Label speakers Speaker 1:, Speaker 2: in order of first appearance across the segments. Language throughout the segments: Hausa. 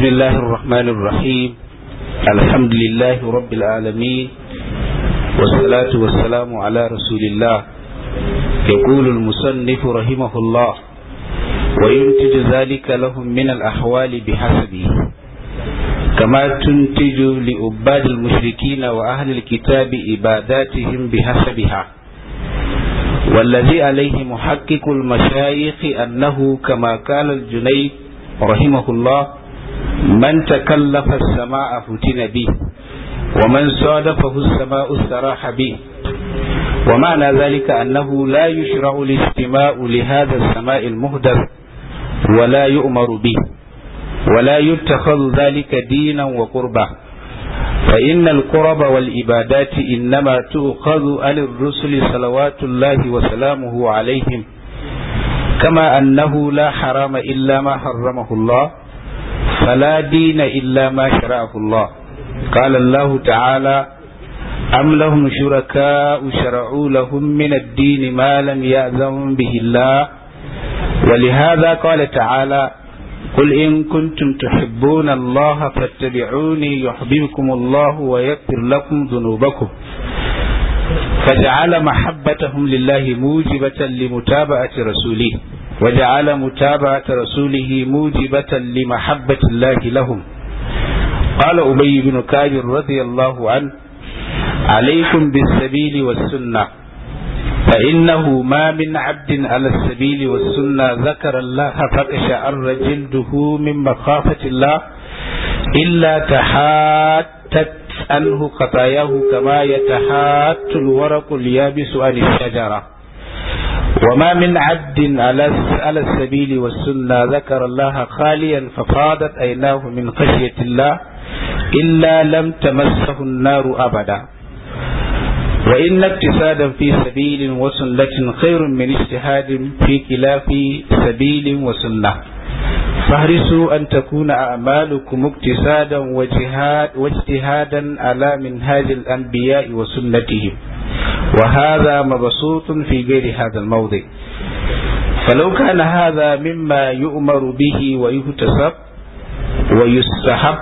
Speaker 1: بسم الله الرحمن الرحيم الحمد لله رب العالمين والصلاة والسلام على رسول الله يقول المصنف رحمه الله وينتج ذلك لهم من الأحوال بحسبه كما تنتج لعباد المشركين وأهل الكتاب عباداتهم بحسبها والذي عليه محقق المشايخ أنه كما قال الجنيد رحمه الله من تكلف السماء فتن به ومن صادفه السماء استراح به ومعنى ذلك أنه لا يشرع الاستماء لهذا السماء المهدر ولا يؤمر به ولا يتخذ ذلك دينا وقربا فإن القرب والإبادات إنما تؤخذ على الرسل صلوات الله وسلامه عليهم كما أنه لا حرام إلا ما حرمه الله فلا دين إلا ما شرعه الله قال الله تعالى أم لهم شركاء شرعوا لهم من الدين ما لم يأذن به الله ولهذا قال تعالى قل إن كنتم تحبون الله فاتبعوني يحببكم الله ويغفر لكم ذنوبكم فجعل محبتهم لله موجبة لمتابعة رسوله وجعل متابعة رسوله موجبة لمحبة الله لهم قال أبي بن كعب رضي الله عنه
Speaker 2: عليكم
Speaker 1: بالسبيل والسنة فإنه ما من عبد على السبيل والسنة ذكر الله فأشعر جلده من مخافة الله إلا تحاتت عنه خطاياه كما يتحات الورق اليابس عن الشجرة وما من عبد على السبيل والسنة ذكر الله خاليا ففاضت عيناه من خشية الله إلا لم تمسه النار أبدا وإن اجتهادا في سبيل وسنة خير من اجتهاد في خلاف سبيل وسنة فاحرصوا أن تكون أعمالكم اجتهادا واجتهادا على منهاج الأنبياء وسنتهم وهذا مبسوط في غير هذا الموضع فلو كان هذا مما يؤمر به ويكتسب ويستحب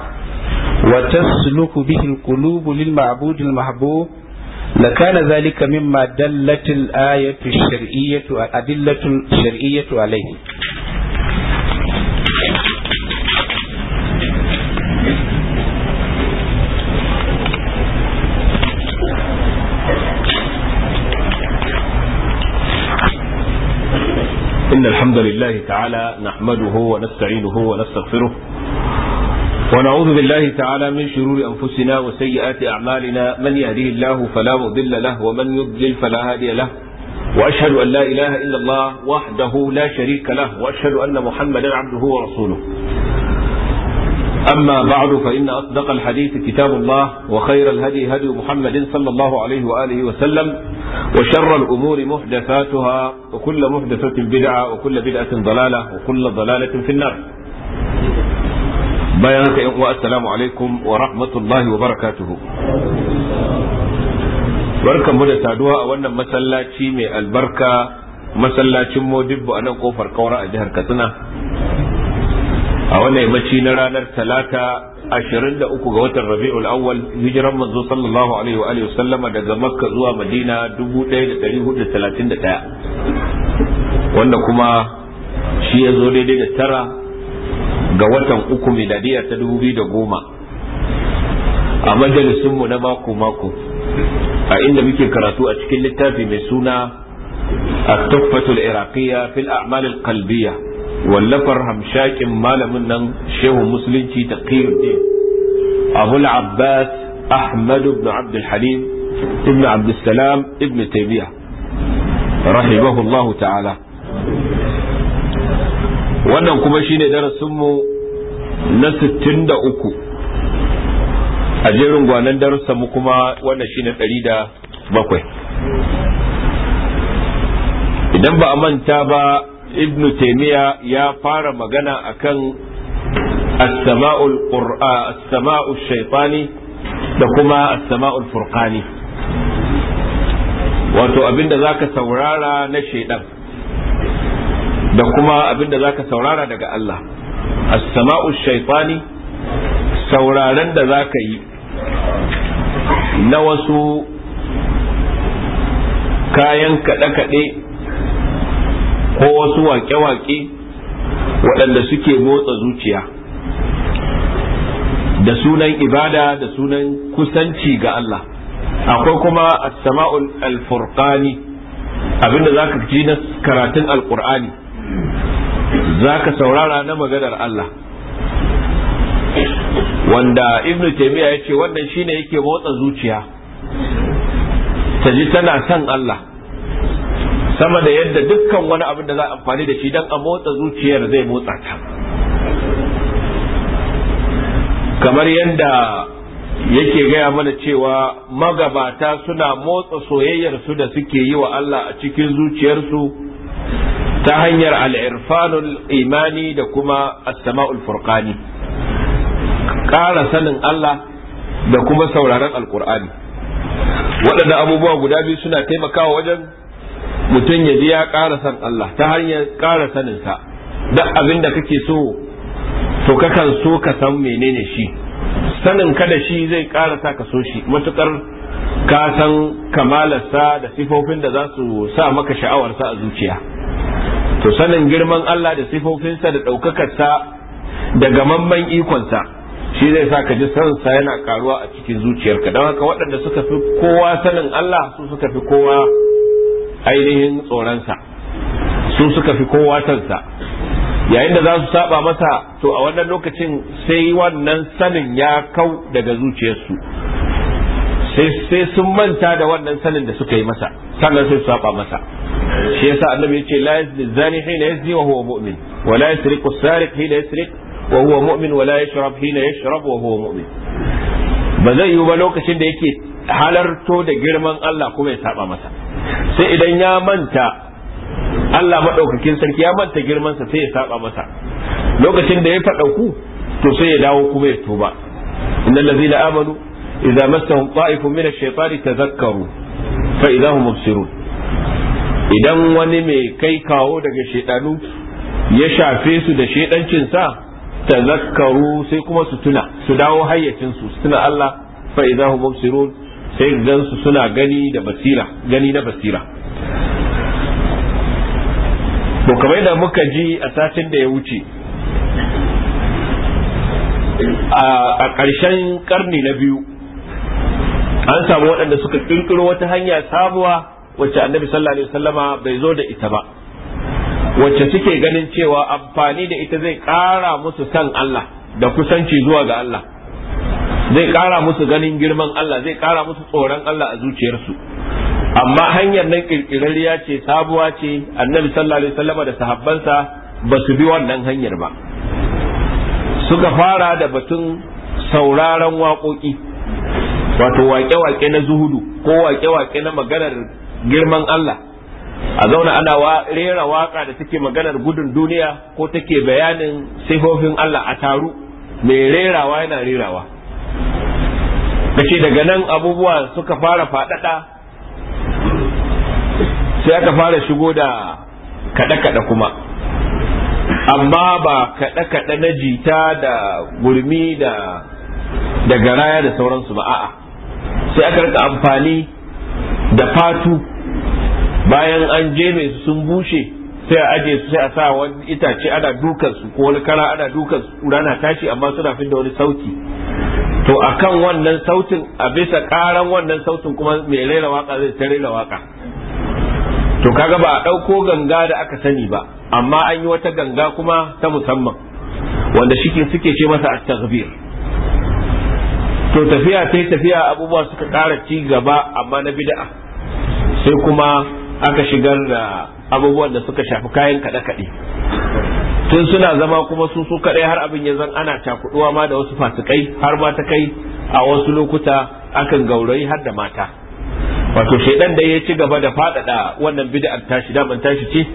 Speaker 1: وتسلك به القلوب للمعبود المحبوب لكان ذلك مما دلت الآية الشرعية الأدلة الشرعية عليه
Speaker 2: إن الحمد لله تعالى نحمده ونستعينه ونستغفره ونعوذ بالله تعالى من شرور أنفسنا وسيئات أعمالنا من يهديه الله فلا مضل له ومن يضلل فلا هادي له وأشهد أن لا إله إلا الله وحده لا شريك له وأشهد أن محمدا عبده ورسوله أما بعد فإن أصدق الحديث كتاب الله وخير الهدي هدي محمد صلى الله عليه وآله وسلم وشر الأمور محدثاتها وكل محدثة بدعة وكل بدعة ضلالة وكل ضلالة في النار بيانك والسلام عليكم ورحمة الله وبركاته بركة مدى سادوها وانا مسلاتي من البركة مسلاتي مودب أنا قوفر كورا أجهر كتنا a wannan yammaci na ranar talata 23 ga watan rabi'ul awwal hijiran manzo sallallahu alaihi wa sallama daga makka zuwa madina 1431 wanda kuma shi ya zo daidai da tara ga watan uku miladiya ta 2010 a majalisunmu na mako mako a inda muke karatu a cikin littafi mai suna التحفة العراقية في الأعمال القلبية wallafar hamshakin malamin nan shehu musulunci ta qiyuddin abul abbas ahmad ibn abd ibn abd ibn taymiya rahimahullahu ta'ala wannan kuma shine darasin mu na 63 a jerin gwanan darussan mu kuma wannan shine 107 idan ba a manta ba ibn taymiya ya fara magana akan as-sama'ul qur'a as-sama'u shaytani da kuma as-sama'ul furqani wato abinda zaka saurara na shaidan da kuma abinda zaka saurara daga Allah as-sama'u shaytani sauraren da zaka yi na wasu kayan kaɗe-kaɗe ko wasu waƙe-waƙe waɗanda suke motsa zuciya da sunan ibada da sunan kusanci ga Allah akwai kuma as-sama'ul al-furqani abinda zaka ji na karatun Al-Ƙur'ani, al-qur'ani zaka saurara na maganar Allah wanda ibn taymiya yace wannan shine yake motsa zuciya ta ji tana son Allah sama da yadda dukkan wani abin da za a amfani da shi don a motsa zuciyar zai motsa ta kamar yadda yake gaya mana cewa magabata suna motsa soyayyarsu da suke yi wa Allah a cikin zuciyarsu ta hanyar al'irfanul imani da kuma as-sama'ul furqani ƙara sanin Allah da kuma sauraron alkur'ani waɗanda abubuwa guda biyu suna taimakawa wajen mutum ya ji ya ƙara san Allah ta hanyar ƙara saninsa duk abin da kake so to kakan so ka san menene shi sanin ka da shi zai ƙara sa ka so shi matukar ka san kamalarsa da sifofin da za su sa maka sha'awarsa a zuciya to sanin girman Allah da sifofinsa da ɗaukakarsa daga mamman ikonsa shi zai sa ka ji sansa yana karuwa a cikin zuciyarka don haka waɗanda suka fi kowa sanin Allah su suka fi kowa ainihin tsoronsa su suka fi kowa sansa yayin da za su saba masa to a wannan lokacin sai wannan sanin ya kau daga zuciyarsu sai sun manta da wannan sanin da suka yi masa sannan sai su saba masa shi yasa annabi yace la yazni zani hina yazni wa huwa mu'min wa la yasriqu sariq hina yasriq wa huwa mu'min wa la yashrab hina yashrab wa huwa mu'min ba zai yi ba lokacin da yake halarto da girman Allah kuma ya saba masa sai idan ya manta Allah maɗaukakin sarki ya manta girmansa sai ya saba masa lokacin da ya faɗauku to sai ya dawo kuma ya tuba innal ladzina amanu idza massahum ta'ifun min ash-shaytani tadhakkaru fa idahum mubsirun idan wani mai kai kawo daga shaidanu ya shafe su da shaidancin sa tazakkaru sai kuma su tuna su dawo hayyacin su tuna Allah fa idahum mubsirun sai gansu suna gani da basira gani na basira to kamar da muka ji a satin da ya wuce a ƙarshen karni na biyu an samu waɗanda suka ƙirƙiro wata hanya sabuwa wacce annabi sallallahu alaihi wasallama bai zo da ita ba wacce suke ganin cewa amfani da ita zai ƙara musu san Allah da kusanci zuwa ga Allah zai ƙara musu ganin girman Allah zai ƙara musu tsoron Allah a zuciyarsu amma hanyar nan kirkirarriya ce sabuwa ce annabi sallallahu alaihi wasallam da sahabbansa ba su bi wannan hanyar ba suka fara da batun sauraron waƙoƙi wato waƙe-waƙe na zuhudu ko waƙe-waƙe na maganar girman Allah a zauna ana rera waƙa da take maganar gudun duniya ko take bayanin sifofin Allah a taru mai rerawa yana rerawa kace daga nan abubuwa suka fara faɗaɗa sai aka fara shigo da kada-kada kuma amma ba kaɗe-kaɗe na jita da gurmi da da garaya da sauransu ba a'a sai aka rika amfani da fatu bayan an je mai su sun bushe sai a aje su sai a sa wani itace ana dukan su ko wani kara ana dukan su rana tashi amma suna fin da wani sauki. to akan wannan sautin a bisa karan wannan sautin kuma mai rera waka zai ta rera waka to kaga ba a ɗauko ganga da aka sani ba amma an yi wata ganga kuma ta musamman wanda shike suke ce masa a to tafiya ta tafiya abubuwa suka ƙara ci gaba amma na bida'a sai kuma aka shigar da abubuwan da suka shafi kayan kaɗe-kaɗe tun suna zama kuma su su kadai har abin ya zan ana cakuɗuwa ma da wasu fasikai har ma ta kai a wasu lokuta akan gaurayi har da mata wato shaidan da ya ci gaba da faɗaɗa wannan bid'ar tashi daman tashi ce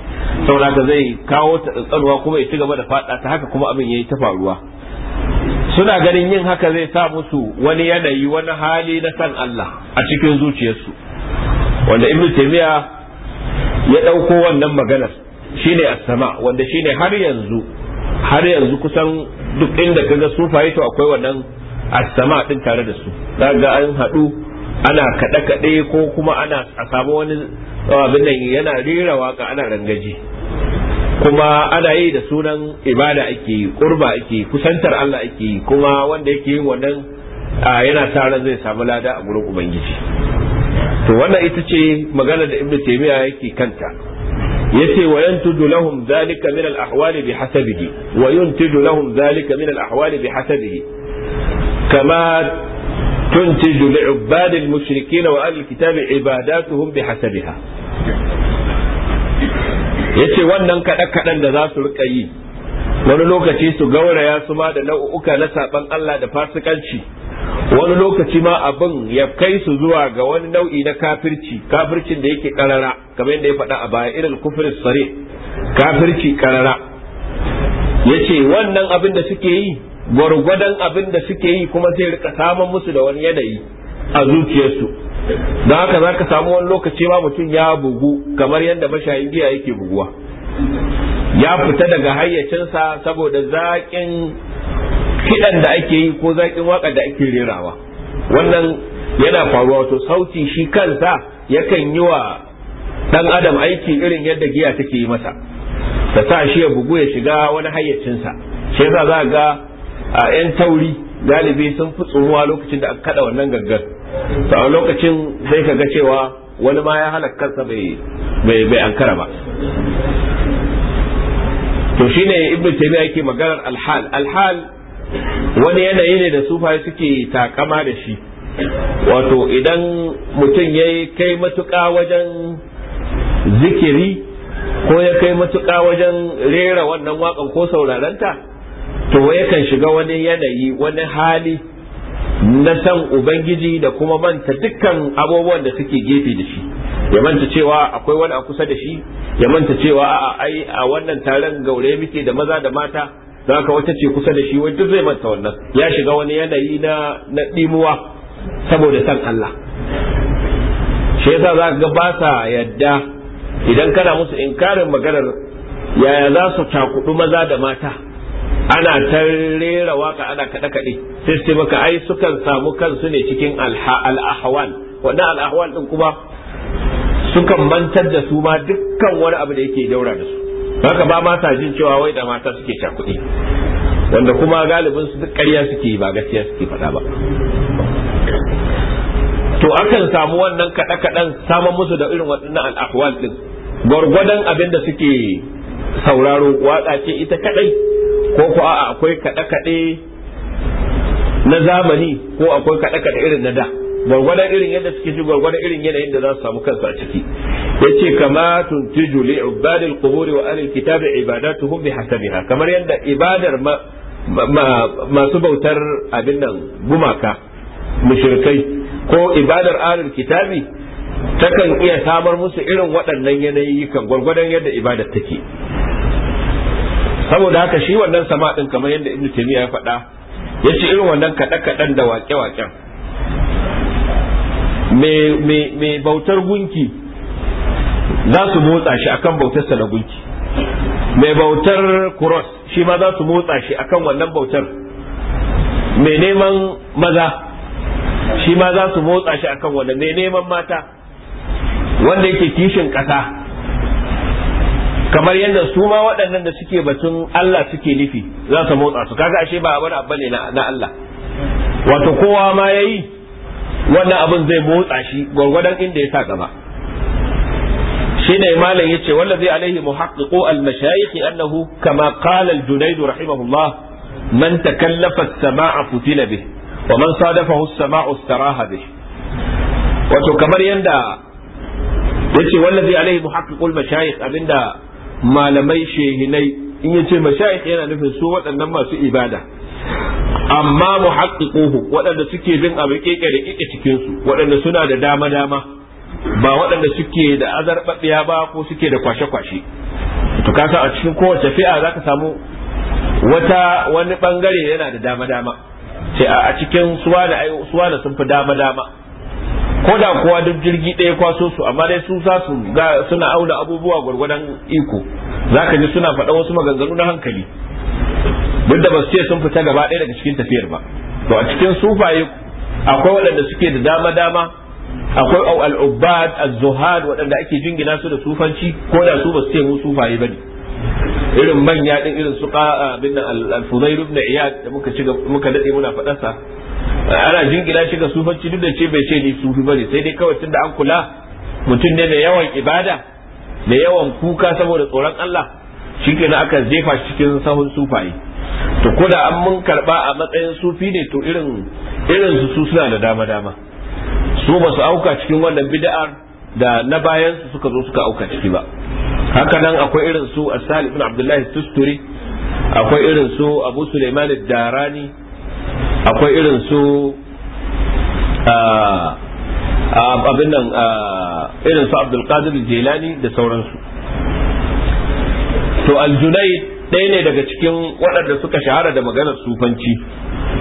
Speaker 2: saboda zai kawo ta kuma ya ci gaba da faɗa ta haka kuma abin yayi ta faruwa suna ganin yin haka zai sa musu wani yanayi wani hali na san Allah a cikin zuciyarsu wanda ibnu taymiya ya dauko wannan maganar shine as-sama wanda shine har yanzu har yanzu kusan duk inda kaga sufaye to akwai wannan as-sama din tare da su daga an haɗu ana kaɗe kaɗe ko kuma ana a samu wani uh, abin nan yana rera waka ana rangaji kuma ana yi da sunan ibada ake yi kurba ake yi kusantar Allah ake yi kuma wanda yake yin wannan yana sa ran zai samu lada a gurin ubangiji to wannan ita ce magana da ibnu taymiya yake kanta yace wa yantudu lahum zalika min al ahwali bi hasabihi wa yuntidu lahum zalika min al ahwali bi hasabihi kama تنتج لعباد المشركين وأهل الكتاب عباداتهم بحسبها yace wannan kaɗe-kaɗen da za su rika yi wani lokaci su gauraya su ma da nau'uka na saɓan Allah da fasikanci wani lokaci ma abin ya kai su zuwa ga wani nau'i na kafirci kafircin da yake karara kamar yadda ya faɗa a baya irin kufri sare kafirci karara ya ce wannan abin da suke yi gwargwadon abin da suke yi kuma sai rika samun musu da wani yanayi
Speaker 3: a zuciyarsu
Speaker 2: don haka za ka samu wani lokaci ma mutum ya bugu kamar yadda mashayin giya yake buguwa ya fita daga hayyacinsa saboda zaƙin kiɗan da ake yi ko zakin waƙa da ake rerawa wannan yana faruwa to sauti shi kansa yakan yi wa ɗan adam aiki irin yadda giya take yi masa ta sa shi ya bugu ya shiga wani hayyacinsa shi yasa za ga a 'yan tauri galibi sun fi tsohuwa lokacin da aka kada wannan gangar to a lokacin sai ka ga cewa wani ma ya halaka kansa bai bai ankara ba to shine ibnu taymiya yake maganar alhal alhal wani yanayi ne da sufa suke takama da shi wato idan mutum ya kai matuka wajen zikiri ko ya kai matuka wajen rera wannan wakan ko saurarenta to yakan shiga wani yanayi wani hali na san ubangiji da kuma manta dukkan abubuwan da suke gefe da shi ya manta cewa akwai wani a kusa da shi ya manta cewa a a wannan taron gaure muke da maza da mata don haka wata ce kusa da shi wai zai manta wannan ya shiga wani yanayi na na dimuwa saboda san Allah shi yasa za ga ba sa yadda idan kana musu inkarin maganar yaya za su cakudu maza da mata ana ta rera waka ana kaɗe kaɗe sai su maka ai sukan samu kansu ne cikin al'ahwal wannan al'ahwal din kuma sukan mantar da su ma dukkan wani abu da yake daura da su haka ba ma sa jin cewa wai da mata suke kuɗi, wanda kuma galibin su duk ƙarya suke ba gaskiya suke faɗa ba to akan samu wannan kaɗe-kaɗen saman musu da irin waɗannan al'ahwal ɗin gwargwadon abin da suke sauraro waƙa ce ita kaɗai ko ko a'a akwai kaɗe-kaɗe na zamani ko akwai kaɗe-kaɗe irin na da gwargwadon irin yadda suke ci gwargwadon irin yanayin da za su samu kansu a ciki yace kama tuntiju li ibadil qubur wa ahli kitab ibadatuhum bi hasabiha kamar yadda ibadar masu bautar abin nan gumaka mushrikai ko ibadar ahlul kitabi takan iya samar musu irin waɗannan yanayi kan gwargwadon yadda ibadar take saboda haka shi wannan sama kamar yadda ibnu taymiya ya faɗa yace irin wannan kaɗe-kaɗen da waƙe-waƙen mai bautar gunki za su motsa shi akan sa na gunki mai bautar kuros shi ma za su motsa shi akan wannan bautar mai neman maza shi ma za su motsa shi akan wannan mai neman mata wanda yake kishin ƙasa kamar yadda su ma waɗannan da suke batun Allah suke nufi za su motsa su kaga ashe ba abin abu ne na Allah wato kowa ma yayi wannan abin zai motsa shi gwargwadon inda ya sa gaba shi ne malam ya ce wallazi alaihi muhaqqiqu al-mashayikh annahu kama qala al-junayd rahimahullah man takallafa as-sama'a futina bih wa man sadafahu as-sama'u istaraha bih wato kamar yanda yace wallazi alaihi muhaqqiqu al-mashayikh abinda malamai shehinai in yace mashayikh yana nufin su waɗannan masu ibada amma muhaqqiquhu waɗanda suke bin abin keke da kike cikin su waɗanda suna da dama dama ba waɗanda suke da azarbaɗiya ba ko suke da kwashe-kwashe to ka a cikin kowace fi'a zaka samu wata wani bangare yana da dama dama sai a cikin suwa da suwa da sun fi dama dama ko da kowa duk jirgi ɗaya kwaso su amma dai su za su suna auna abubuwa gwargwadon iko zaka ji suna faɗa wasu maganganu na hankali duk da ba su ce sun fita gaba ɗaya daga cikin tafiyar ba to a cikin sufaye akwai waɗanda suke da dama dama akwai au al az-zuhad waɗanda ake jingina su da sufanci ko da su ba su ce mu sufaye bane irin manya din irin su bin al fudayl ibn iyad da muka ci muka dade muna sa ana jingina shi ga sufanci duk da ce bai ce ni sufi bane sai dai kawai tunda an kula mutum ne mai yawan ibada da yawan kuka saboda tsoron Allah na aka jefa shi cikin sahun sufaye to ko da an mun karba a matsayin sufi ne to irin irin su suna da dama dama su ba su auka cikin wannan bid'ar da na bayan su suka zo suka auka ciki ba haka nan akwai irin su asali ibn abdullahi tusturi akwai irin su abu suleiman darani akwai irin su abin nan irin su abdulkadir jelani da sauransu to aljunai ɗaya ne daga cikin waɗanda suka shahara da maganar sufanci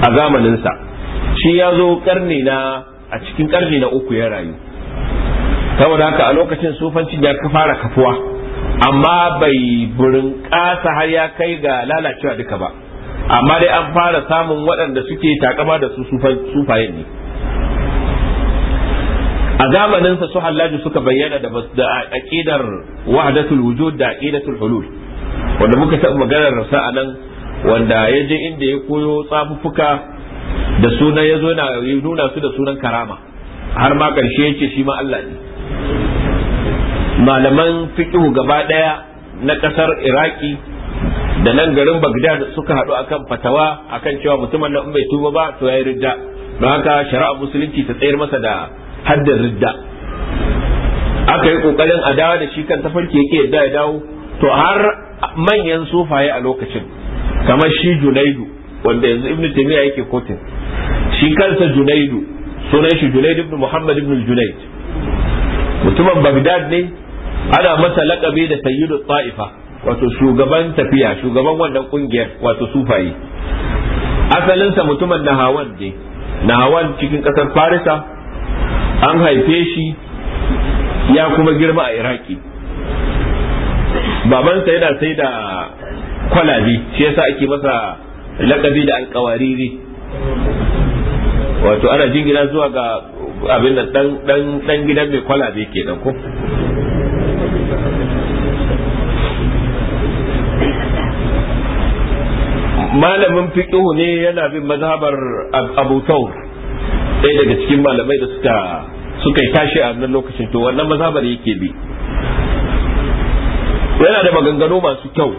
Speaker 2: a zamaninsa shi ya zo karni na a cikin karni na uku ya rayu saboda haka a lokacin sufanci ya fara kafuwa amma bai burin ƙasa har ya kai ga lalacewa duka ba amma dai an fara samun waɗanda suke takama da su sufayen ne a zamaninsa su hallaji suka bayyana da aqidar wahdatul wujud da aqidatul hulul wanda muka taɓa maganar sa a nan wanda ya je inda ya koyo tsafuffuka da sunan ya zo yana nuna su da sunan karama har ma ƙarshe ya ce shi ma Allah ne malaman fiƙihu gaba ɗaya na ƙasar iraki da nan garin bagdad suka haɗu akan fatawa akan cewa mutumin nan bai tuba ba to ya yi ridda don haka shari'a musulunci ta tsayar masa da haddin ridda aka yi ƙoƙarin a dawo da shi kan tafarki yake yadda ya dawo to har manyan sufaye a lokacin kamar shi junaidu wanda yanzu Ibn taymiya yake kotin shi kansa junaidu sunan shi junaid ibn muhammad ibn junaid mutumin bagdad ne ana masa lakabi da sayyidu ta'ifa wato shugaban tafiya shugaban wannan kungiyar wato sufaye asalinsa mutumin nahawan ne nahawan cikin kasar farisa an haife shi ya kuma girma a iraki babansa yana sai da kwalabi shi yasa ake masa lakabi da alkawariri wato ana jingina zuwa ga abin da dan gidan mai kwalabe ke ko malamin fiqhu ne yana bin mazhabar Abu Thawr ɗaya daga cikin malamai da suka suka tashi a wannan lokacin to wannan mazhabar yake bi yana da maganganu masu kyau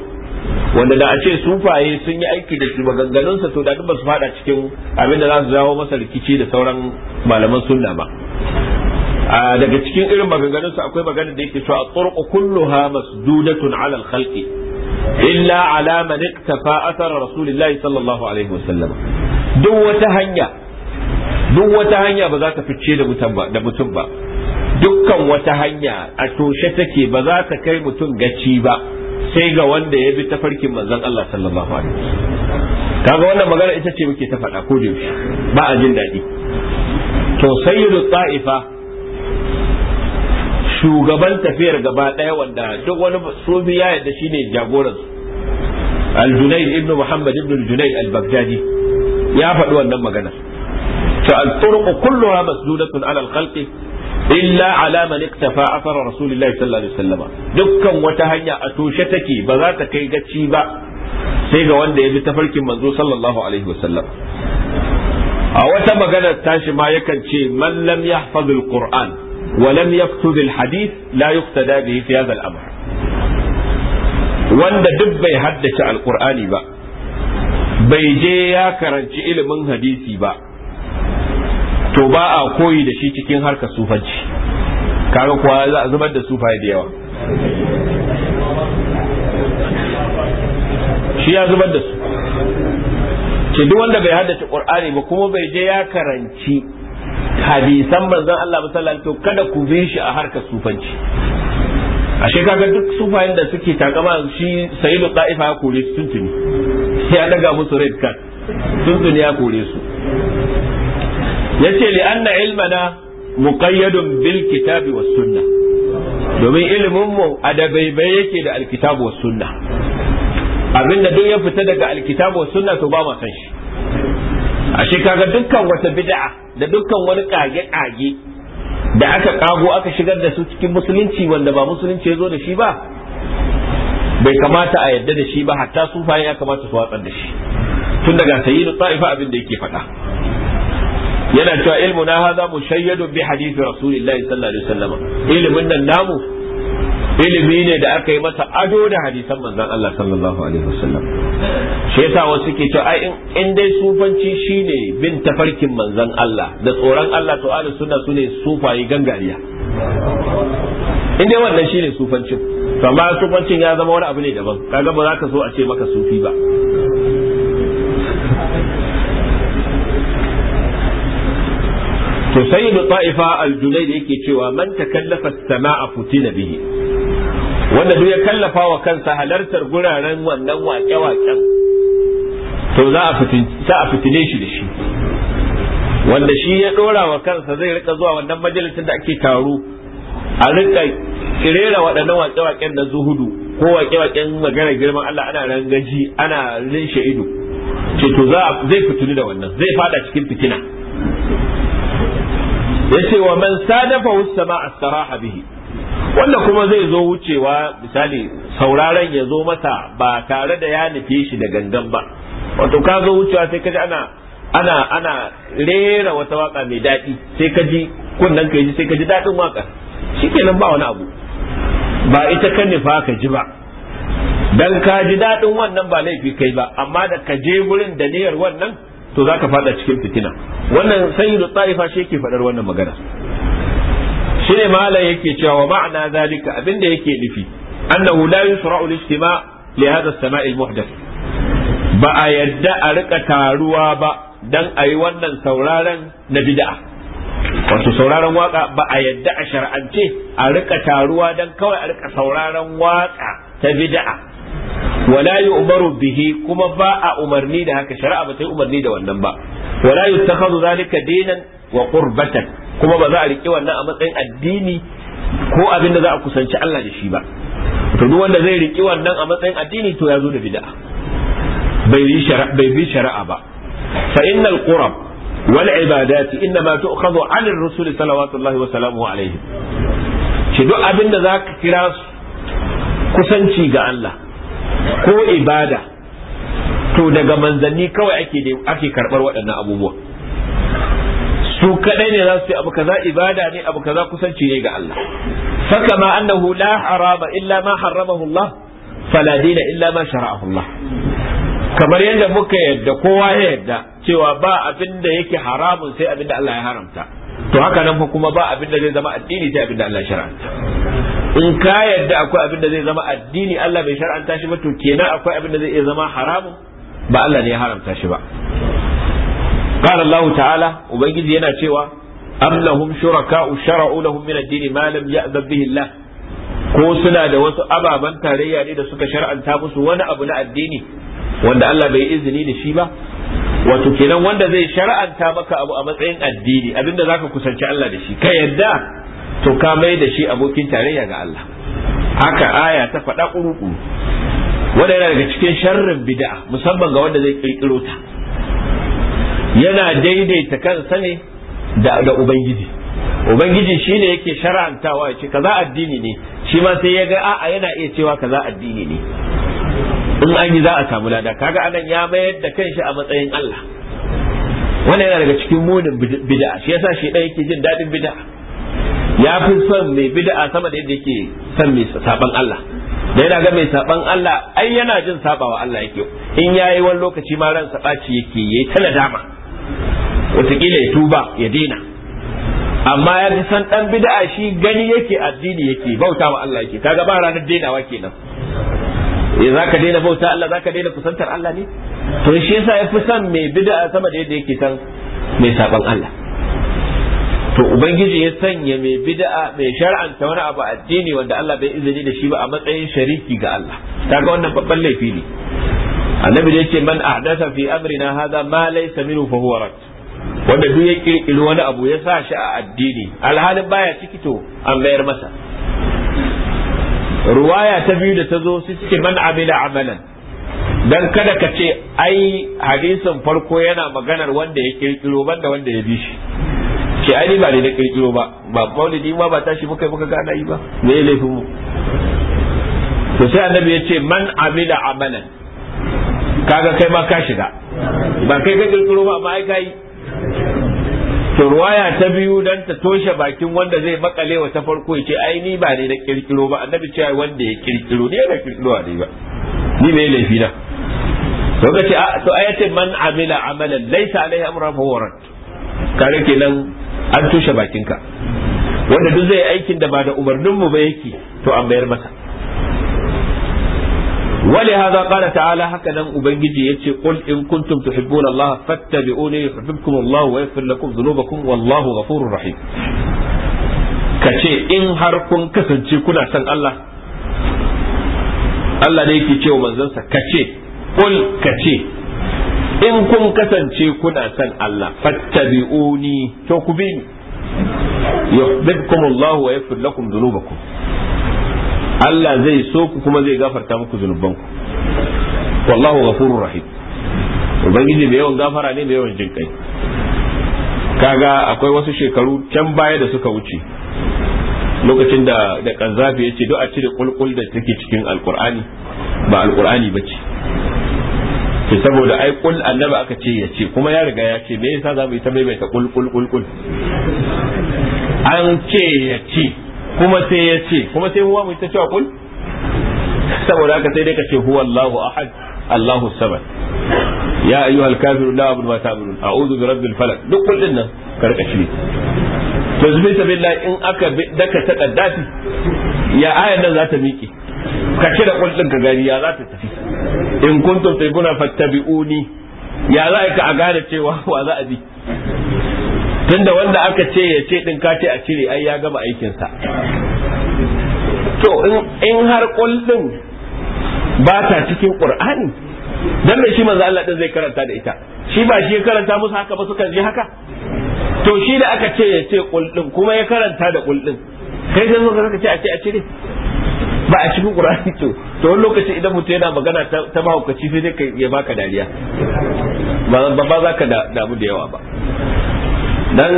Speaker 2: wanda da a ce sufaye sun yi aiki da maganganunsa to da ba su fada cikin abin da za su jawo masa rikici da sauran malaman sunna ba a daga cikin irin maganganunsa akwai magana da yake cewa a turqu kulluha masdudatun 'ala al-khalqi illa 'ala man iktafa athar rasulillahi sallallahu alaihi wasallam duk wata hanya duk wata hanya ba za ta fice da mutum ba dukkan wata hanya a toshe take ba za ta kai mutum gaci ba sai ga wanda ya bi tafarkin manzon Allah sallallahu alaihi kaga wannan magana ita ce muke ta faɗa ko yaushe ba a jin daɗi to sayyidu ta'ifa shugaban tafiyar gaba ɗaya wanda duk wani sufi ya yarda shine jagoran al-Junayd ibn Muhammad ibn al-Junayd al-Baghdadi ya faɗi wannan magana fa al-turuq kulluha masdudatun ala al-khalqi illa ala man iktafa athara rasulillahi sallallahu alaihi wasallam dukkan wata hanya a toshe take ba za ta kai gaci ba sai ga wanda ya bi tafarkin manzo sallallahu alaihi wasallam a wata magana tashi ma yakan ce man lam yahfazul qur'an wa lam yaktub al hadith la yuqtada bihi fi hadha wanda duk bai haddace alqur'ani ba bai je ya karanci ilimin hadisi ba to ba a koyi da shi cikin harkar sufanci kaga kuwa za a zubar da sufaye da yawa shi ya zubar da su ce duk wanda bai haddace qur'ani ba kuma bai je ya karanci hadisan manzon Allah musallan to kada ku bin shi a harkar sufanci ashe kaga duk sufayen da suke takama shi sayyidu qa'ifa ya kore su tuntuni sai ya daga musu red card tuntuni ya kore su yace li anna ilmana muqayyadun bil kitabi was sunna domin ilimin mu adabaibai yake da alkitabu was sunna abinda duk ya fita daga alkitabu was sunna to ba ma san shi ashe kaga dukkan wata bid'a da dukkan wani kage kage da aka kago aka shigar da su cikin musulunci wanda ba musulunci ya zo da shi ba bai kamata a yadda da shi ba hatta sufaye ya kamata su watsar da shi tun daga sayyidu ta'ifa abin da yake faɗa yana cewa ilmu na haza shayyadu bi hadisi rasulillahi sallallahu alaihi wasallam ilimin nan namu ilimi ne da aka yi masa ado da hadisan manzon Allah sallallahu alaihi wasallam shi yasa wasu ke cewa ai in dai sufanci shine bin tafarkin manzon Allah da tsoron Allah to ahlus sunna sune sufayi gangariya in dai wannan shine sufancin to amma sufancin ya zama wani abu ne daban kaga ba za ka so a ce maka sufi ba to da ta'ifa al-junayd yake cewa man takallafa samaa futina bihi wanda duk ya kallafa wa kansa halartar guraren wannan wake waken. to za a fitine shi da shi wanda shi ya ɗora wa kansa zai rika zuwa wannan majalisin da ake taro a rika kirera waɗannan wake waken na zuhudu ko wake waƙen magana girman Allah ana rangaji ana rinshe ido ce to zai fitini da wannan zai fada cikin fitina yace wa man sadafa sama astaraha bihi wanda kuma zai zo wucewa misali sauraron ya zo masa ba tare da ya nufi shi da gangan ba wato ka zo wucewa sai kaji ana ana ana rera wata waka mai daɗi sai ka ji kunnen ka ji sai ka ji daɗin waka shikenan ba wani abu ba ita ka nufa ka ji ba dan ka ji daɗin wannan ba laifi kai ba amma da ka je gurin da niyyar wannan to za zaka fada cikin fitina wannan sayyidu ta'ifa shi yake fadar wannan magana shi ne malam yake cewa wa ma'ana zalika abinda yake nufi annahu la yusra'u al-istima' li hadha as-sama' al-muhdath ba a yadda a rika taruwa ba dan ayi wannan sauraron na bid'a wato sauraron waka ba a yadda a shar'ance a rika taruwa dan kawai a rika sauraron waka ta bid'a wala yu'maru bihi kuma ba a umarni da haka shari'a bata ta yi umarni da wannan ba wala yuttakhadhu zalika daina wa qurbatan kuma ba za a wannan a matsayin addini ko abin da za a kusanci Allah da shi ba to duk wanda zai riki wannan a matsayin addini to ya zo da bid'a bai bi shari'a bai bi shari'a ba fa innal qurab wal ibadati innama tu'khadhu 'ala ar-rusul sallallahu wa salamuhu alayhi shi duk abin da zaka kira kusanci ga Allah ko ibada to daga manzanni kawai ake ake karbar waɗannan abubuwa su kadai ne za su yi abu kaza ibada ne abu kaza kusanci ne ga Allah faka ma annahu la harama illa ma haramahu Allah fala dina illa ma shara'ahu Allah kamar yadda muka yadda kowa ya yadda cewa ba abin da yake haramun sai abin da Allah ya haramta to haka nan fa kuma ba abin da zai zama addini sai abin da Allah ya shara'anta. in ka yadda akwai abin da zai zama addini Allah bai shar'anta shi ba to kenan akwai abin da zai iya zama haramun ba Allah ne ya haramta shi ba qala ta'ala ta'ala ubangiji yana cewa am lahum shuraka'u shara'u lahum min ad-din ma lam ya'zab bihi Allah ko suna da wasu ababan tarayya ne da suka shar'anta musu wani abu na addini wanda Allah bai izini da shi ba wato kenan wanda zai shar'anta maka abu a matsayin addini abinda zaka kusanci Allah da shi ka yadda to ka mai da shi abokin tarayya ga Allah haka aya ta faɗa ƙuruƙu wanda yana daga cikin sharrin bid'a musamman ga wanda zai kirkiro ta yana daidaita kansa ne da ubangiji ubangiji shine yake shara'antawa ya ce kaza addini ne shi ma sai ya ga a'a yana iya cewa kaza addini ne in an yi za a samu lada kaga anan ya mayar da kanshi a matsayin Allah wannan yana daga cikin munin bid'a shi yasa shi ɗaya yake jin dadin bid'a ya fi son mai bid'a sama da yadda yake son mai saban Allah da yana ga mai saban Allah ai yana jin sabawa Allah yake in yayi wani lokaci ma ran ɓaci yake yayi ta nadama wataƙila ya tuba ya dina. amma ya fi son dan bid'a shi gani yake addini yake bauta wa Allah yake kaga ba ranar dainawa kenan eh, Za zaka daina bauta Allah zaka daina kusantar Allah ne to shi yasa ya fi son mai bid'a sama da yadda yake san mai saban Allah to ubangiji ya sanya mai bid'a mai shar'anta wani abu addini wanda Allah bai izini da shi ba a matsayin shariki ga Allah kaga wannan babban laifi ne annabi ya ce man ahdatha fi amrina hadha ma laysa minhu fa huwa rad wanda duk ya kirkiri wani abu ya sa shi a addini alhalin baya ciki to an bayar masa ruwaya ta biyu da ta zo su ce man amila amalan dan kada ka ce ai hadisin farko yana maganar wanda ya kirkiro banda wanda ya bi shi ce ai ba ne na kai ba ba maulidi ma ba tashi muka muka gana yi ba me ya laifin mu to sai annabi ya ce man amila amalan kaga kai ma ka shiga ba kai ka kirkiro ba amma ai kai to ruwaya ta biyu dan ta toshe bakin wanda zai makale wa ta farko ya ce ai ni ba ne na kirkiro ba annabi ce ai wanda ya kirkiro ne da kirkiro dai ba ni me laifi na to kace ce to ayatin man amila amalan laysa alaihi amrun fa kare kenan an tushe bakinka wanda duk zai aikin da ba da umarnin mu ba yake to an bayar masa wali haza qala ta'ala haka nan ubangiji yace 'Kul in kuntum tuhibbuna Allah fattabi'uni yuhibbukum Allah wa yaghfir lakum dhunubakum wallahu ghafurur rahim kace in har kun kasance kuna san Allah Allah ne yake cewa manzansa kace qul kace in kun kasance kuna son Allah fattabi'uni to ku bi ni Allah wa yaghfir lakum dhunubakum Allah zai so ku kuma zai gafarta muku zunubanku wallahu ghafurur rahim ubangiji mai yawan gafara ne mai yawan jinƙai. Ka kaga akwai wasu shekaru can baya da suka wuce lokacin da da kanzafi ya ce duk a cire kulkul da take cikin alqur'ani ba alqur'ani ba ce saboda ai kul annaba aka ce ya ce kuma ya riga ya ce me yasa za mu yi ta maimaita kul kul kul kul an ce ya ce kuma sai ya ce kuma sai huwa mu ta cewa kul saboda aka sai dai ka ce huwa Allahu ahad Allahu samad ya ayyuhal kafiru la abudu ma ta'budun a'udhu bi rabbil falaq duk kul din nan karkashi to zubin in aka daka ta kaddasi ya ayan nan za ta miƙe ka da kullun ka gani ya za ta tafi in kuntum taykuna fattabi'uni ya za ka a gane cewa wa za a bi tunda wanda aka ce ya ce din ka ce a cire ai ya gama aikinsa to in har kullun ba ta cikin qur'ani dan me shi manzo Allah din zai karanta da ita shi ba shi ya karanta musu haka ba sukan je haka to shi da aka ce ya ce kullun kuma ya karanta da kullun kai sai ce a ce a cire ba a cikin qur'ani to to wani lokaci idan mutum yana magana ta mahaukaci sai dai ya baka dariya ba ba za ka damu da yawa ba dan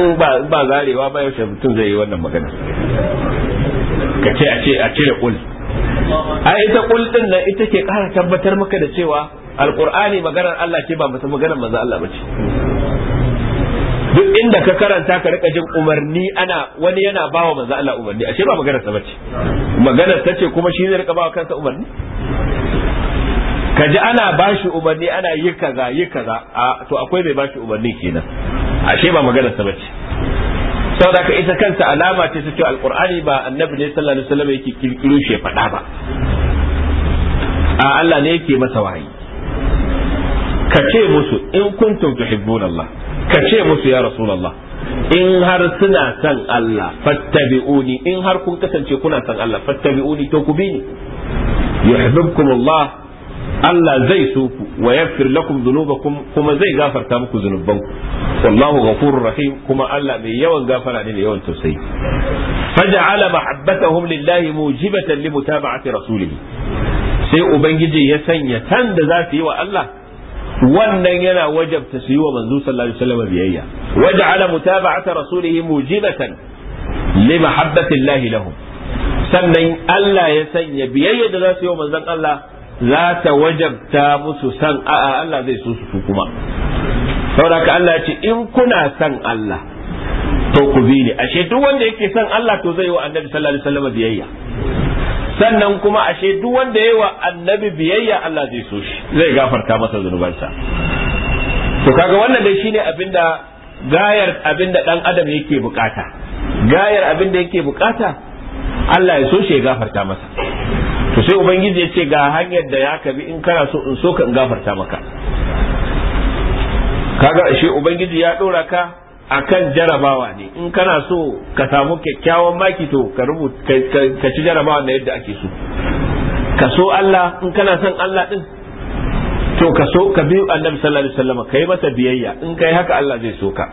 Speaker 2: ba zarewa ba yaushe mutum zai yi wannan magana ka ce a ce a cire kul a ita kul din nan ita ke kara tabbatar maka da cewa alqur'ani maganar Allah ce ba mutum maganar manzo Allah bace duk inda ka karanta ka rika jin umarni ana wani yana bawa manzo Allah umarni ashe ba magana ta bace magana ta ce kuma shi zai rika bawa kansa umarni kaji ana bashi umarni ana yi kaza yi kaza a to akwai mai bashi umarni kenan ashe ba magana ta bace saboda ka isa kanta alama ce ta cewa alqur'ani ba annabi ne sallallahu alaihi wasallam yake kirkiro shi faɗa ba a Allah ne yake masa wahayi ka ce musu in kuntum tuhibbun Allah ka ce musu ya rasulallah in har suna san Allah fattabi'uni in har kun kasance kuna san Allah fattabi'uni to ku bi ni yuhibbukum Allah Allah zai so ku wa yaghfir lakum dhunubakum kuma zai gafarta muku dhunubanku wallahu ghafurur rahim kuma Allah mai yawan gafara ne mai yawan tausayi faj'ala mahabbatahum lillahi mujibatan li mutaba'ati rasulih sai ubangiji ya sanya tan da za su yi wa Allah wannan yana wajabta su yi wa manzo sallallahu alaihi wasallam biyayya waja'ala mutaba'ata rasulihi mujibatan li mahabbatillahi lahum sannan Allah ya sanya biyayya da za su yi wa manzon Allah za ta wajabta musu san a'a Allah zai so su kuma saboda Allah ya ce in kuna san Allah to ku bi ni ashe duk wanda yake san Allah to zai yi wa annabi sallallahu alaihi wasallam biyayya sannan kuma ashe duk wanda yayi wa annabi biyayya Allah zai so shi zai gafarta masa zunubansa to kaga wannan dai shine abinda gayar abinda dan adam yake bukata gayar abinda yake bukata Allah ya so shi ya gafarta masa to sai ubangiji ya ce ga hanyar da ya kabi in kana so in so ka in gafarta maka kaga ashe ubangiji ya dora ka akan jarabawa ne in kana so ka samu kyakkyawan maki to ka rubuta ka ci jarabawa na yadda ake so ka so Allah in kana son Allah din to ka so ka bi annabi sallallahu alaihi wasallam kai masa biyayya in kai haka Allah zai so ka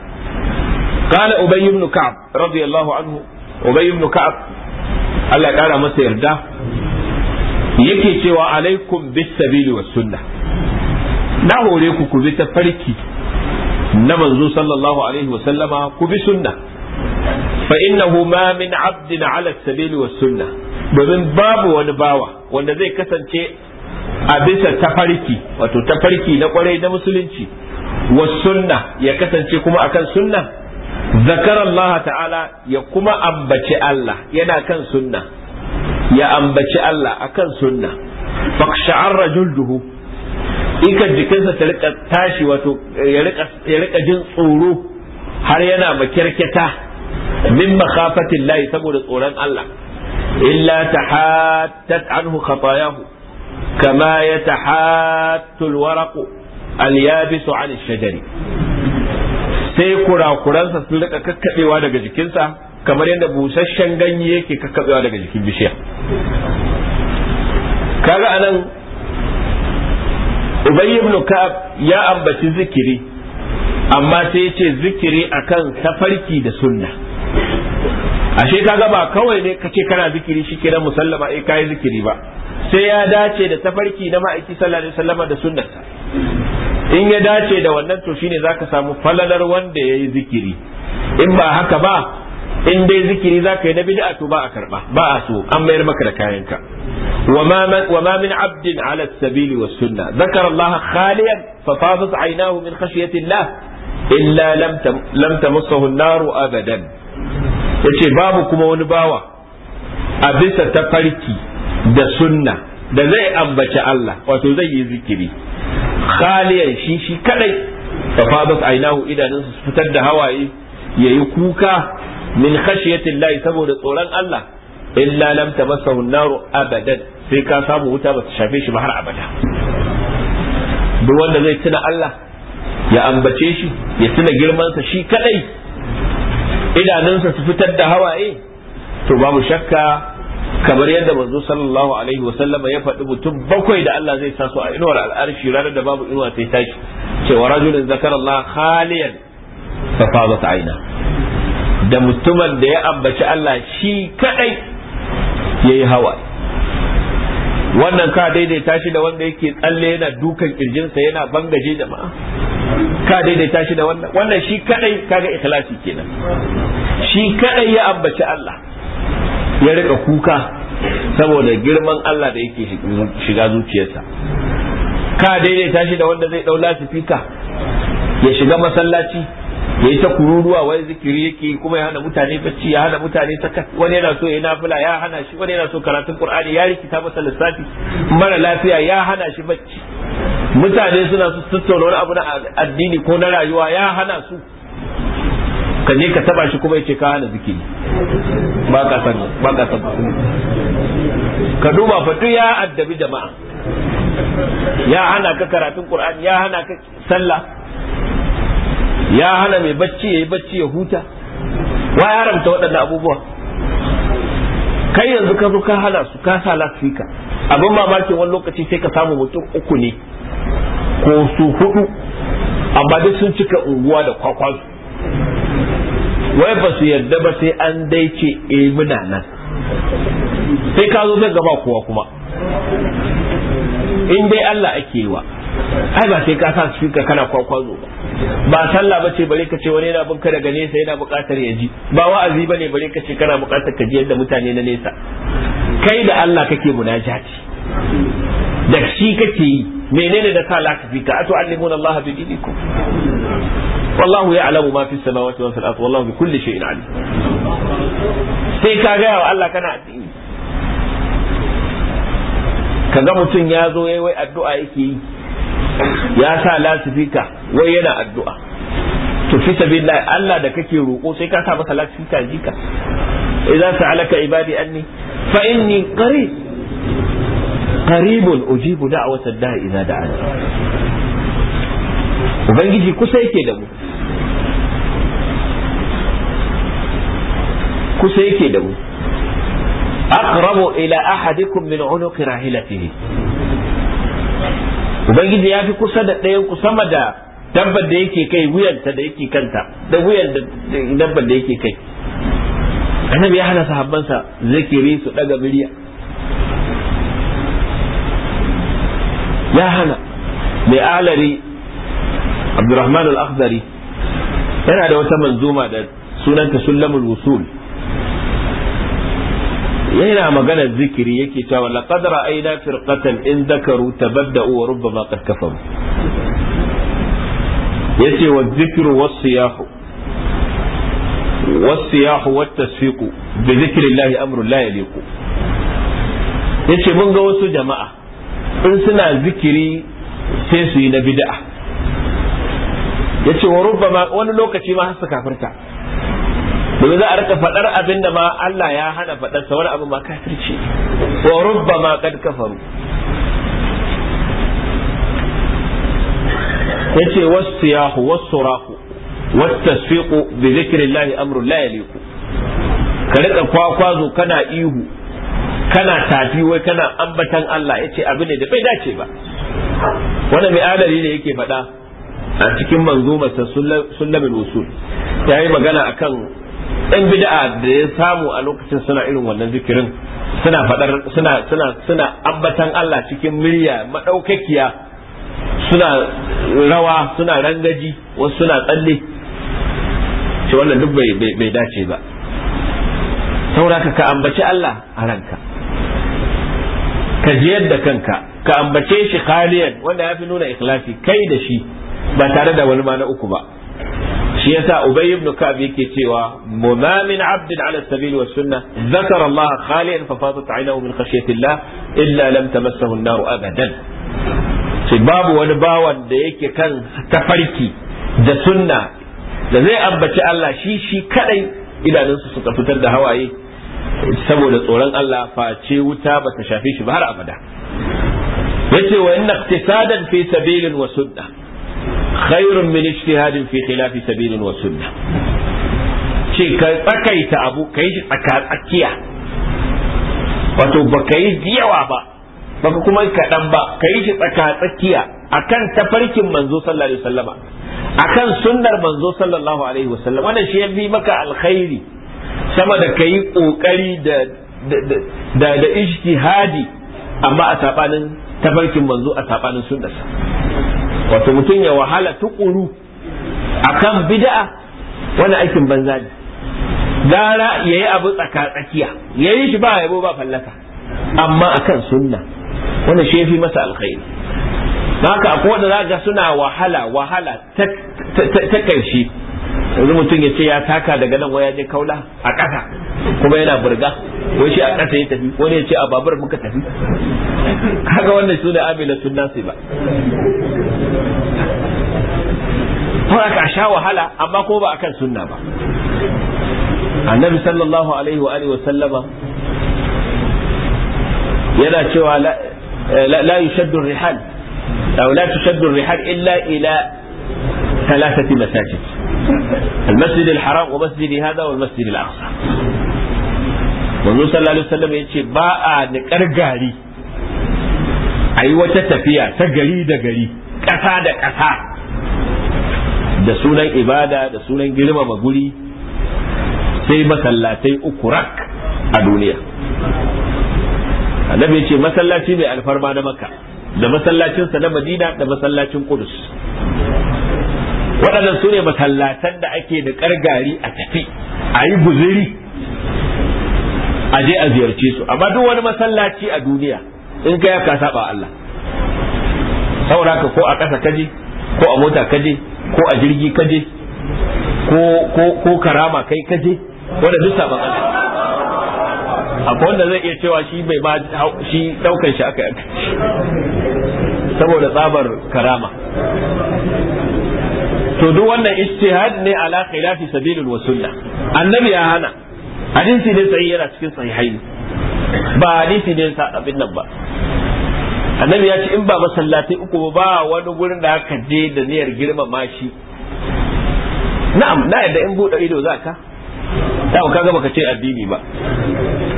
Speaker 2: qala ubay ibn ka'b radiyallahu anhu ubay ibn ka'b Allah ya kara masa yarda yake cewa alaikum bis sabili was sunnah na hore ku ku bi ta farki na manzo sallallahu alaihi wa sallama ku bi sunna fa innahu ma min abdin ala sabili was sunna domin babu wani bawa wanda zai kasance a bisa tafarki wato tafarki na kwarai na musulunci was sunna ya kasance kuma akan sunna zakara Allah ta'ala ya kuma ambaci Allah yana kan sunna ya ambaci Allah akan sunna faqsha'arra julduhu ikan jikinsa ta rika tashi wato ya rika jin tsoro har yana makyarkyata min makhafatin lahi saboda tsoron Allah illa tahattat anhu khatayahu kama ya alwaraqu alyabisu an shajari sai kurakuransa sun rika kakkabewa daga jikinsa kamar yadda busasshen ganye yake kakkabewa daga jikin bishiya kaga anan Ubay ibn Ka'ab ya ambaci zikiri amma sai yace zikiri akan tafarki da sunna ashe kaga ba kawai ne kace kana zikiri shi na musallama eh kai zikiri ba sai ya dace da tafarki na ma'aiki sallallahu alaihi wasallam da sunnarsa in ya dace da wannan to shine zaka samu falalar wanda yayi zikiri in ba haka ba in dai zikiri za ka yi na bid'a to ba a karba ba a so an mayar maka da kayanka wa ma min abdin ala sabili wa sunna zakara Allah khaliyan fa fadat aynahu min khashyati Allah illa lam lam tamassahu an-nar abadan yace babu kuma wani bawa a bisa tafarki da sunna da zai ambaci Allah wato zai yi zikiri khaliyan shi shi kadai fa fadat aynahu idanunsa su fitar da hawaye yayi kuka min khashiyatillahi saboda tsoron Allah illa lam tamassahu an-naru abadan sai ka samu wuta ba ta shafe shi ba har abada duk wanda zai tuna Allah ya ambace shi ya tuna girmansa shi kadai idanunsa su fitar da hawaye to babu shakka kamar yadda manzo sallallahu alaihi wa sallama ya faɗi mutum bakwai da Allah zai sa su a inuwar al'arshi ranar da babu inuwa sai tashi cewa rajulun zakara Allah khaliyan fa fadat aina da mutumin da ya ambaci Allah shi kadai ya yi hawa wannan ka daidaita shi da wanda yake tsalle yana dukan kirjinsa yana bangaje jama'a ka daidaita shi da wannan wannan shi kadai kaga ikhlasi kenan shi kadai ya ambaci Allah ya rika kuka saboda girman Allah da yake shiga zuciyarsa ka daidaita shi da wanda zai daula fika ya shiga masallaci ya yi ta kururuwa wai zikiri yake kuma ya hana mutane bacci ya hana mutane saka wani yana so ya nafila ya hana shi wani yana so karatun qur'ani ya rikita masa lissafi mara lafiya ya hana shi bacci mutane suna su tattauna wani abu na addini ko na rayuwa ya hana su ka je ka taba shi kuma yace ka hana zikiri ba ka san ba ka san ka duba fa ya addabi jama'a ya hana ka karatun qur'ani ya hana ka sallah ya hana mai bacci ya yi bacci ya huta wa ya haramta waɗanda abubuwa kai yanzu ka zo ka hana su ka sa lafika abin mamakin wani lokaci sai ka samu mutum uku ne ko su hudu amma duk sun cika unguwa da kwakwan wai ba su yarda ba sai an dai ce e muna nan sai ka zo zan gaba kowa kuma in dai Allah ake yi wa ai ba sai ka sa su fika kana kwakwazo ba ba sallah ba ce bare ka ce wani yana binka daga nesa yana buƙatar ya ji ba wa'azi ba ne bare ka ce kana buƙatar ka ji yadda mutane na nesa kai da Allah kake munajati da shi kake yi menene da ka fi ka ato allimuna Allah bi dinikum wallahu ya'lamu ma fi samawati wa fil ardi wallahu bi kulli shay'in alim sai ka ga wa Allah kana addini kaga mutum ya zo yayi wai addu'a yake yi ya sa lasifika wai yana addu'a to fi sabilillah Allah da kake roƙo sai ka sa masa lasifika jika idza sa'alaka ibadi anni fa inni qarib qaribun ujibu da'wata da'i idza da'ani ubangiji kusa yake da mu kusa yake da mu aqrabu ila ahadikum min unuqi rahilatihi ubangiji ya fi kusa da ɗayan ku sama da dabbar da yake kai wuyanta da yake kanta da wuyan da dabbar da yake kai annabi ya hana sahabbansa zikiri su daga biriya ya hana mai alari abdurrahman al-akhdari yana da wata manzuma da sunanta sullamul wusul yana magana zikiri yake cewa laqad ra'ayna firqatan in dhakaru tabadda'u wa rubbama qad kafaru yace wa dhikru was siyahu was siyahu wat tasfiqu bi dhikrillahi amrun la yaliqu yace mun ga wasu jama'a in suna zikiri sai su yi na bid'a yace wa rubbama wani lokaci ma har su kafirta domin za a rika faɗar abin da ma Allah ya hana faɗar sa wani abu ma kafirci wa rubba ma kad kafaru yace wasu yahu wasu rahu wasu tasfiqu bi la yaliku ka rika kwakwazo kana ihu kana tafi wai kana ambatan Allah yace ce da bai dace ba Wani mai adali ne yake faɗa a cikin manzo masa sullamin usul ya yi magana akan ɗan bid'a da ya samu a lokacin suna irin wannan zikirin suna fadar suna suna suna ambatan Allah cikin murya madaukakiya suna rawa suna rangaji wasu suna tsalle shi wannan duk bai dace ba sauraka ka ambaci Allah a ranka ka ji da kanka ka ambace shi khaliyan wanda ya fi nuna ikhlasi kai da shi ba tare da wani ma na uku ba shi yasa ubay ibn ka'b yake cewa ma min 'abdin 'ala sabil was sunnah dhakara Allah khalian fa fatat 'aynahu min khashyati Allah illa lam tamassahu an-nar abadan shi babu wani bawan da yake kan tafarki da sunna da zai ambaci Allah shi shi kadai idanunsu suka fitar da hawaye saboda tsoron Allah face wuta ba ta shafe shi ba har abada yace wa inna iqtisadan fi sabilin wa sunnah خير من اجتهاد في خلاف سبيل وسنة شيء ce ka tsakaita abu ka yi shi tsaka tsakiya wato ba yi yawa ba baka kuma kaɗan ba ka yi shi tsakiya akan tafarkin manzo sallallahu alaihi wasallama akan sunnar manzo sallallahu alaihi wasallam wannan shi yafi maka alkhairi sama da kai kokari da da da ijtihadi amma a tafarkin manzo a wato mutum ya wahala tukuru kan bida'a wani aikin banza ne gara ya yi abu tsaka-tsakiya ya yi shi ba yabo ba fallaka amma akan sunna wani shi fi masa alkhairi haka a wanda za ga suna wahala wahala ta ƙarshe yanzu mutum ya ce ya taka daga nan waya je kaula a ƙasa kuma yana burga ko shi a ƙasa ya tafi wani ya ce a babur muka tafi haka wannan su ne amila sun nasi ba kuma ka sha wahala amma ko ba akan sunna ba annabi sallallahu alaihi wa alihi wa sallama yana cewa la yushaddu rihal aw la tushaddu rihal illa ila thalathati masajid المسجد الحرام ومسجد هذا والمسجد الأقصى sallallahu alaihi wasallam yace ba a niƙar gari a yi wata tafiya ta gari da gari ƙasa da ƙasa da sunan ibada da sunan girmama guri sai masallatai uku rak a duniya annabi yace masallaci mai alfarma na maka da masallacinsa na madina da masallacin kudus waɗannan su ne masallatan da ake da ƙargari a tafi a yi guziri a je a ziyarce su amma duk wani masallaci a duniya in ka ka saba Allah saboda ka ko a ƙasa kaje ko a mota kaje ko a jirgi kaje ko ko ko karama kai kaje wanda duk saban Allah akwai wanda zai iya cewa shi bai ma shi daukan shi aka yi saboda tsabar karama to duk wannan ijtihad ne ala khilafi sabilul wa annabi ya hana hadisi ne sai yana cikin sahihai ba hadisi ne sa abin nan ba annabi ya ce in ba masallatai uku ba wani gurin da aka je da niyyar girmama shi na'am na yadda in buɗe ido za ka da ka ga baka ce addini ba